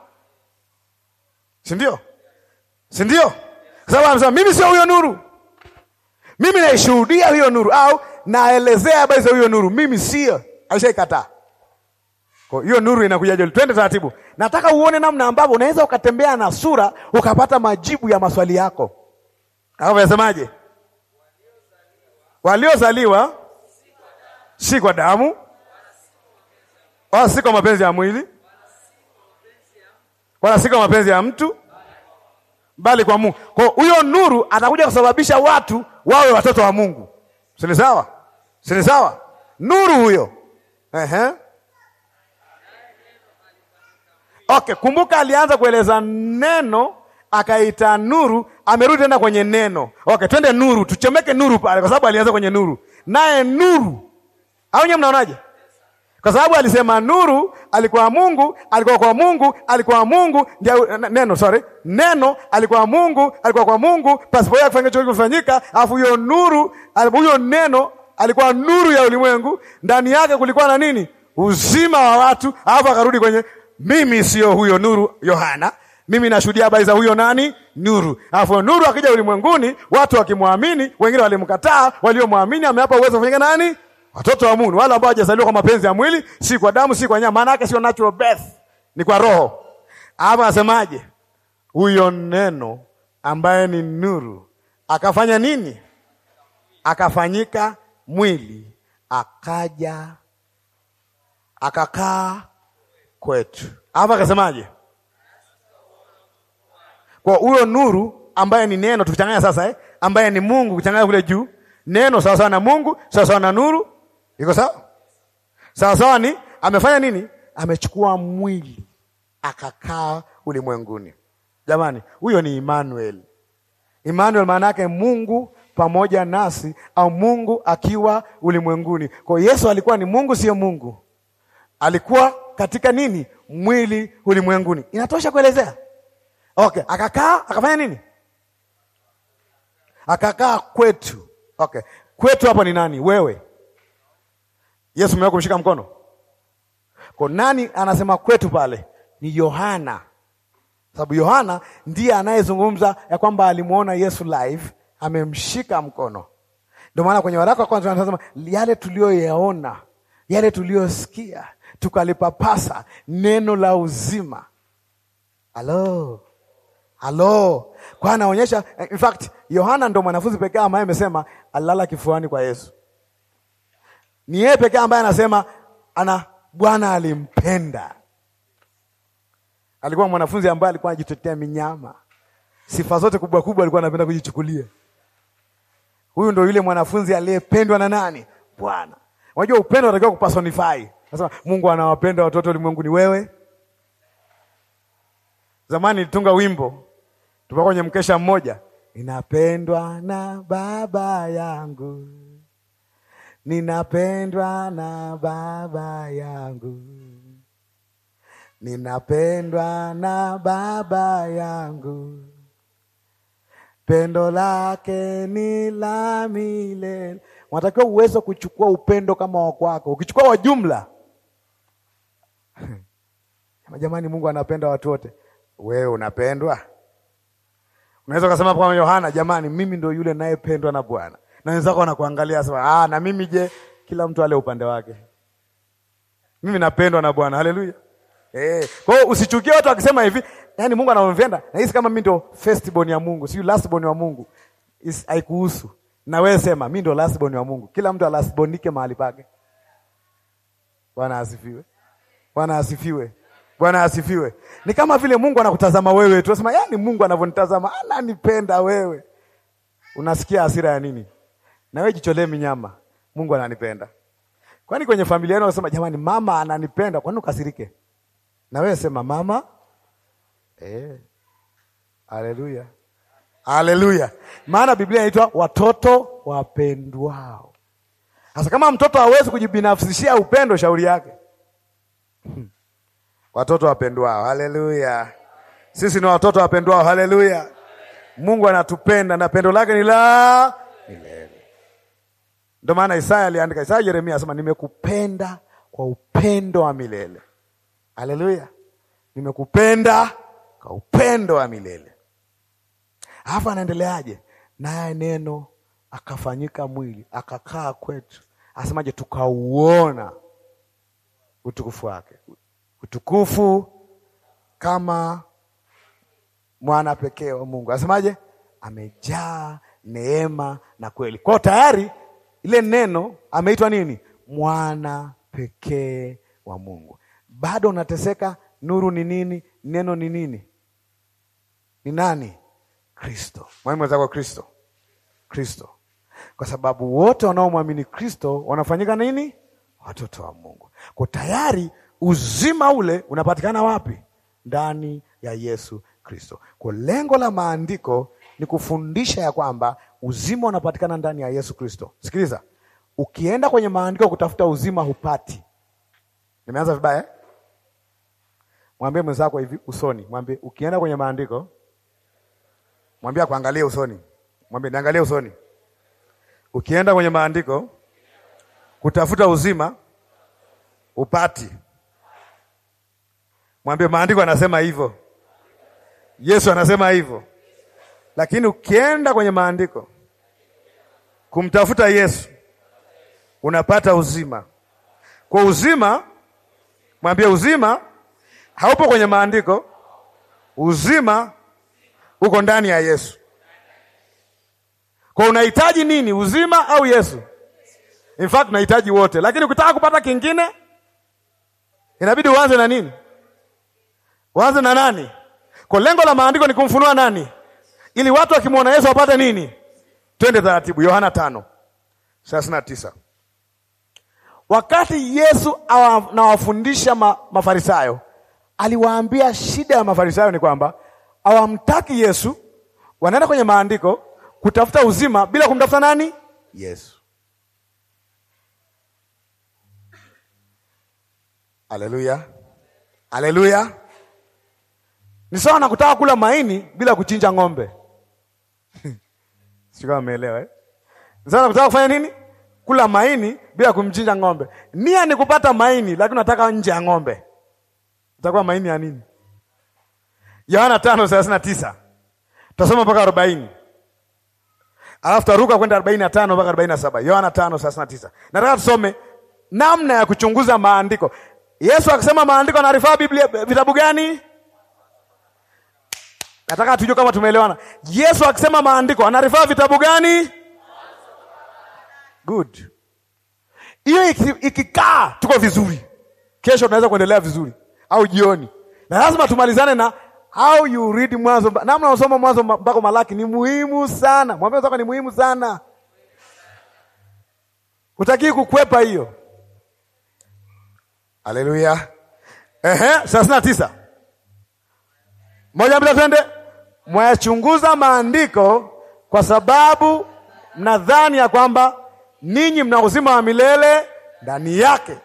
si ndio? Si ndio? sababu anasema mimi sio huyo nuru, mimi naishuhudia huyo nuru, au naelezea habari za huyo nuru, mimi sio. Alishaikataa. hiyo nuru inakujaje? Twende taratibu, nataka uone namna ambavyo unaweza ukatembea na sura ukapata majibu ya maswali yako. Anasemaje? waliozaliwa si kwa damu wala si kwa mapenzi ya mwili wala si kwa mapenzi ya mtu bali kwa Mungu. Kwa huyo nuru atakuja kusababisha watu wawe watoto wa Mungu, sili sawa? sini sawa, nuru huyo. Ehe. Okay, kumbuka alianza kueleza neno akaita nuru, amerudi tena kwenye neno. Okay, twende nuru, tuchomeke nuru pale, kwa sababu alianza kwenye nuru, naye nuru au nyewe mnaonaje? Kwa sababu alisema nuru alikuwa Mungu, alikuwa kwa Mungu, alikuwa Mungu ndio neno, sorry, neno alikuwa Mungu, alikuwa kwa Mungu, pasipo yeye kufanya chochote kufanyika, alafu hiyo nuru, huyo neno alikuwa nuru ya ulimwengu, ndani yake kulikuwa na nini? Uzima wa watu. Alafu akarudi kwenye mimi, siyo huyo nuru Yohana, mimi nashuhudia habari za huyo nani nuru. Alafu nuru akija ulimwenguni, watu wakimwamini, wengine walimkataa, waliomwamini ameapa uwezo kufanyika nani watoto wa Mungu, wale ambao hawajazaliwa kwa mapenzi ya mwili, si kwa damu, si kwa nyama, maana yake sio natural birth, ni kwa roho. Alafu anasemaje? Huyo neno ambaye ni nuru akafanya nini? Akafanyika mwili akaja akakaa kwetu. Hapa akasemaje? Kwa huyo nuru ambaye ni neno tukichanganya sasa eh? ambaye ni Mungu kuchanganya kule juu neno sawasawa na Mungu sawasawa na nuru, iko sawa sawasawa. Ni amefanya nini? Amechukua mwili akakaa ulimwenguni. Jamani, huyo ni Emmanuel. Emmanuel maana yake Mungu pamoja nasi au Mungu akiwa ulimwenguni. Kwa hiyo Yesu alikuwa ni Mungu, sio Mungu, alikuwa katika nini? Mwili ulimwenguni. Inatosha kuelezea. Okay, akakaa akafanya nini? Akakaa kwetu. Okay, kwetu hapo ni nani? Wewe. Yesu mewa kumshika mkono kwa nani? Anasema kwetu pale ni Yohana, sababu Yohana ndiye anayezungumza ya kwamba alimuona Yesu live amemshika mkono. Ndio maana kwenye waraka wa kwanza anasema yale tuliyoyaona, yale tuliyosikia, tukalipapasa neno la uzima. Halo, halo, kwa anaonyesha. In fact Yohana ndo mwanafunzi pekee ambaye amesema alilala kifuani kwa Yesu. Ni yeye pekee ambaye anasema ana Bwana alimpenda. Alikuwa mwanafunzi ambaye alikuwa anajitetea minyama, sifa zote kubwa kubwa alikuwa anapenda kujichukulia. Huyu ndo yule mwanafunzi aliyependwa na nani? Bwana. Unajua upendo unatakiwa kupasonify. Nasema Mungu anawapenda watoto ulimwengu ni wewe. Zamani nilitunga wimbo tupa kwenye mkesha mmoja, ninapendwa na baba yangu, ninapendwa na baba yangu, ninapendwa na baba yangu Pendo lake ni la milele. Unatakiwa uwezo kuchukua upendo kama wa kwako. Ukichukua wa jumla jamani, Mungu anapenda watu wote. Wewe unapendwa? Unaweza ukasema kwa Yohana, jamani, mimi ndo yule nayependwa na Bwana, na wenzako wanakuangalia sema, ah, na mimi je? Kila mtu ale upande wake, mimi napendwa na Bwana. Haleluya! Eh, kwa hiyo usichukie watu wakisema hivi, yani Mungu anavyopenda, nahisi kama mimi ndo first born ya Mungu, siyo last born wa Mungu, haikuhusu na wewe sema mimi ndo last born wa Mungu. Kila mtu last born mahali pake. Bwana asifiwe. Bwana asifiwe. Bwana asifiwe. Ni kama vile Mungu anakutazama wewe tu. Unasema, yani Mungu anavyonitazama, ananipenda wewe." Unasikia hasira ya nini? Na wewe jicholee minyama. Mungu ananipenda. Kwani kwenye familia yenu unasema, "Jamani, mama ananipenda." Kwani ukasirike? Na wewe sema, "Mama Eh. Haleluya, haleluya! Maana Biblia inaitwa watoto wapendwao. Sasa kama mtoto hawezi kujibinafsishia upendo, shauri yake hmm. watoto wapendwao. Haleluya, sisi ni watoto wapendwao. Haleluya, Mungu anatupenda na pendo lake ni la milele. Ndio maana Isaya aliandika, Isaya Yeremia asema, nimekupenda kwa upendo wa milele. Haleluya, nimekupenda kwa upendo wa milele. alafu anaendeleaje? Naye neno akafanyika mwili akakaa kwetu, asemaje? Tukauona utukufu wake, utukufu kama mwana pekee wa Mungu. Asemaje? Amejaa neema na kweli. Kwao tayari ile neno ameitwa nini? Mwana pekee wa Mungu. Bado unateseka. Nuru ni nini? Neno ni nini? ni nani? Kristo. Mwalimu wenzako Kristo, Kristo, kwa sababu wote wanaomwamini Kristo wanafanyika nini? Watoto wa Mungu. Kwa tayari uzima ule unapatikana wapi? Ndani ya Yesu Kristo. Kwa lengo la maandiko ni kufundisha ya kwamba uzima unapatikana ndani ya Yesu Kristo. Sikiliza, ukienda kwenye maandiko kutafuta uzima hupati. Nimeanza vibaya? Mwambie mwenzako hivi usoni, mwambie ukienda kwenye maandiko Mwambie akuangalie usoni. Mwambie niangalie usoni. Ukienda kwenye maandiko kutafuta uzima upati. Mwambie maandiko anasema hivyo. Yesu anasema hivyo. Lakini ukienda kwenye maandiko kumtafuta Yesu unapata uzima. Kwa uzima, mwambie uzima haupo kwenye maandiko. Uzima uko ndani ya Yesu. Kwa unahitaji nini? Uzima au Yesu? In fact unahitaji wote, lakini ukitaka kupata kingine inabidi uanze na nini? Uanze na nani? Kwa lengo la maandiko ni kumfunua nani, ili watu wakimwona Yesu wapate nini? Twende taratibu, Yohana tano thelathini na tisa. Wakati Yesu anawafundisha ma, Mafarisayo, aliwaambia shida ya Mafarisayo ni kwamba hawamtaki Yesu, wanaenda kwenye maandiko kutafuta uzima bila kumtafuta nani? Yesu. Haleluya, haleluya. Ni sawa na kutaka kula maini bila kuchinja ng'ombe sio kama eh? Ni sawa na kutaka kufanya nini? Kula maini bila kumchinja ng'ombe. Nia ni kupata maini, lakini unataka nje ya ng'ombe, utakuwa maini ya nini? Yohana 5:39. thelathini mpaka 40. alafu taruka kwenda 45 mpaka 47. Yohana 5:39. Nataka tusome namna ya kuchunguza maandiko. Yesu akasema maandiko anarifaa Biblia, vitabu gani? Nataka tujue kama tumeelewana. Yesu akisema maandiko anarifaa vitabu gani? Good. Hiyo ikikaa tuko vizuri, kesho tunaweza kuendelea vizuri, au jioni, na lazima tumalizane na How you read Mwanzo, namna unasoma Mwanzo mpaka Malaki ni muhimu sana. Mwambie ni muhimu sana, utakii kukwepa hiyo. Haleluya. Ehe, thelathini na tisa moja bila twende, mwayachunguza maandiko kwa sababu mnadhani ya kwamba ninyi mna uzima wa milele ndani yake.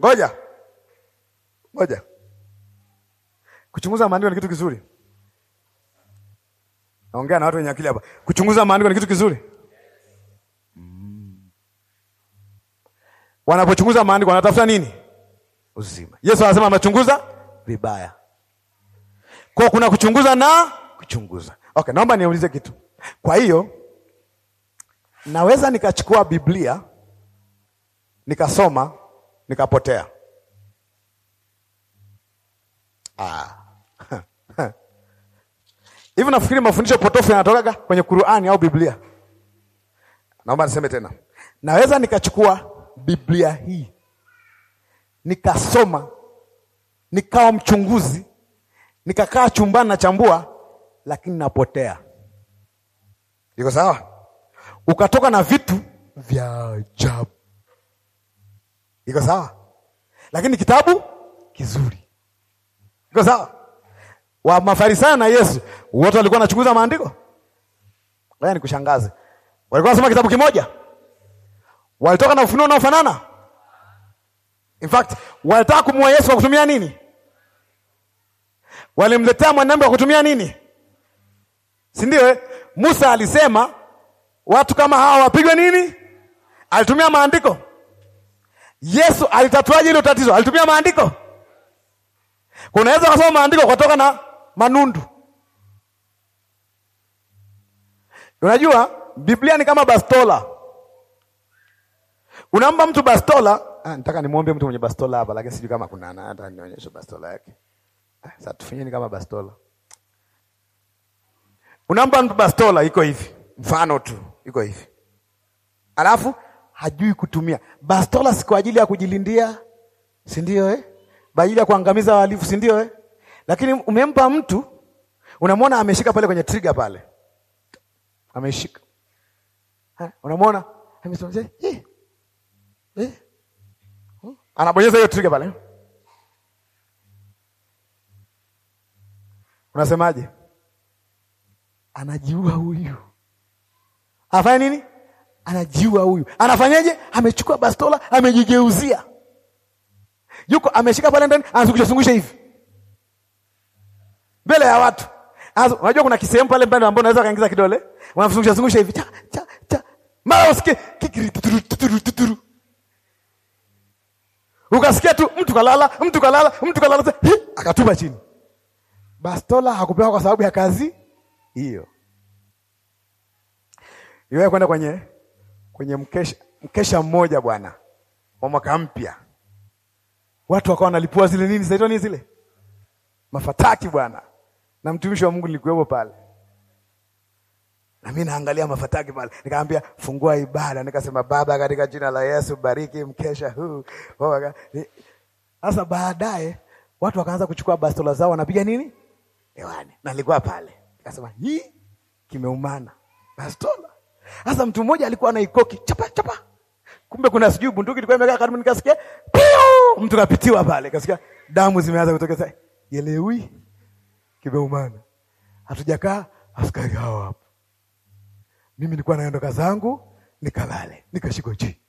Ngoja ngoja Kuchunguza maandiko ni kitu kizuri. Naongea na watu wenye akili hapa. Kuchunguza maandiko ni kitu kizuri. Mm. Wanapochunguza maandiko wanatafuta nini? Uzima. Yesu anasema anachunguza vibaya. Kwa kuna kuchunguza na kuchunguza. Okay, naomba niulize kitu. Kwa hiyo naweza nikachukua Biblia nikasoma nikapotea. Ah. Hivi nafikiri mafundisho potofu yanatokaga kwenye Qur'ani au Biblia? Naomba niseme tena, naweza nikachukua Biblia hii nikasoma, nikawa mchunguzi, nikakaa chumbani na chambua lakini napotea. Iko sawa? Ukatoka na vitu vya ajabu. Iko sawa? Lakini kitabu kizuri. Iko sawa? wa Mafarisayo na Yesu wote walikuwa wanachunguza maandiko. Ngoja nikushangaze, walikuwa wanasoma kitabu kimoja, walitoka na ufunuo unaofanana. In fact walitaka kumua Yesu kwa kutumia nini? Walimletea mwanamke kwa kutumia nini? Si ndio? Eh? Musa alisema watu kama hawa wapigwe nini? Alitumia maandiko. Yesu alitatuaje hilo tatizo? Alitumia maandiko. Kunaweza kusoma maandiko kutoka na Manundu. Unajua Biblia ni kama bastola, unampa mtu bastola. Ah, nitaka nimwombe mtu mwenye bastola hapa, lakini sijui kama kuna hata nionyeshe bastola yake. Ah, sasa tufanyeni kama bastola. Unampa mtu bastola iko hivi, mfano tu iko hivi, alafu hajui kutumia bastola. Si kwa ajili ya kujilindia, si ndio eh? Kwa ajili ya kuangamiza wahalifu, si ndio eh? Lakini umempa mtu, unamwona ameshika pale kwenye trigger pale, ameshika unamwona amesema eh, eh, eh, anabonyeza hiyo trigger pale. Unasemaje? Anajiua huyu, anafanya nini? Anajiua huyu, anafanyaje? Amechukua bastola, amejigeuzia, yuko ameshika pale ndani, anazungusha zungusha hivi mbele ya watu. Unajua kuna kisehemu pale mbele ambao unaweza kaingiza kidole, wanafungusha zungusha hivi cha cha cha, mara usikie kikiri tuturu tuturu tuturu, ukasikia tu mtu kalala, mtu kalala, mtu kalala, akatupa chini. Bastola hakupewa kwa sababu ya kazi hiyo. Yeye kwenda kwenye kwenye mkesha, mkesha mmoja bwana wa mwaka mpya, watu wakawa wanalipua zile nini zaitwa nini zile mafataki bwana na mtumishi wa Mungu nilikuwepo pale, na mimi naangalia mafataki pale, nikamwambia fungua ibada, nikasema Baba, katika jina la Yesu bariki mkesha huu. Oh sasa baadaye watu wakaanza kuchukua bastola zao wanapiga nini hewani, na nilikuwa pale, nikasema hii kimeumana bastola. Sasa mtu mmoja alikuwa anaikoki chapa chapa, kumbe kuna sijui bunduki ilikuwa imekaa karibu, nikasikia piu, mtu kapitiwa pale, kasikia damu zimeanza kutokea. Sasa yelewi kibeumana, hatujakaa askari hao hapo. Mimi nilikuwa naondoka zangu nikalale nikashikwa chini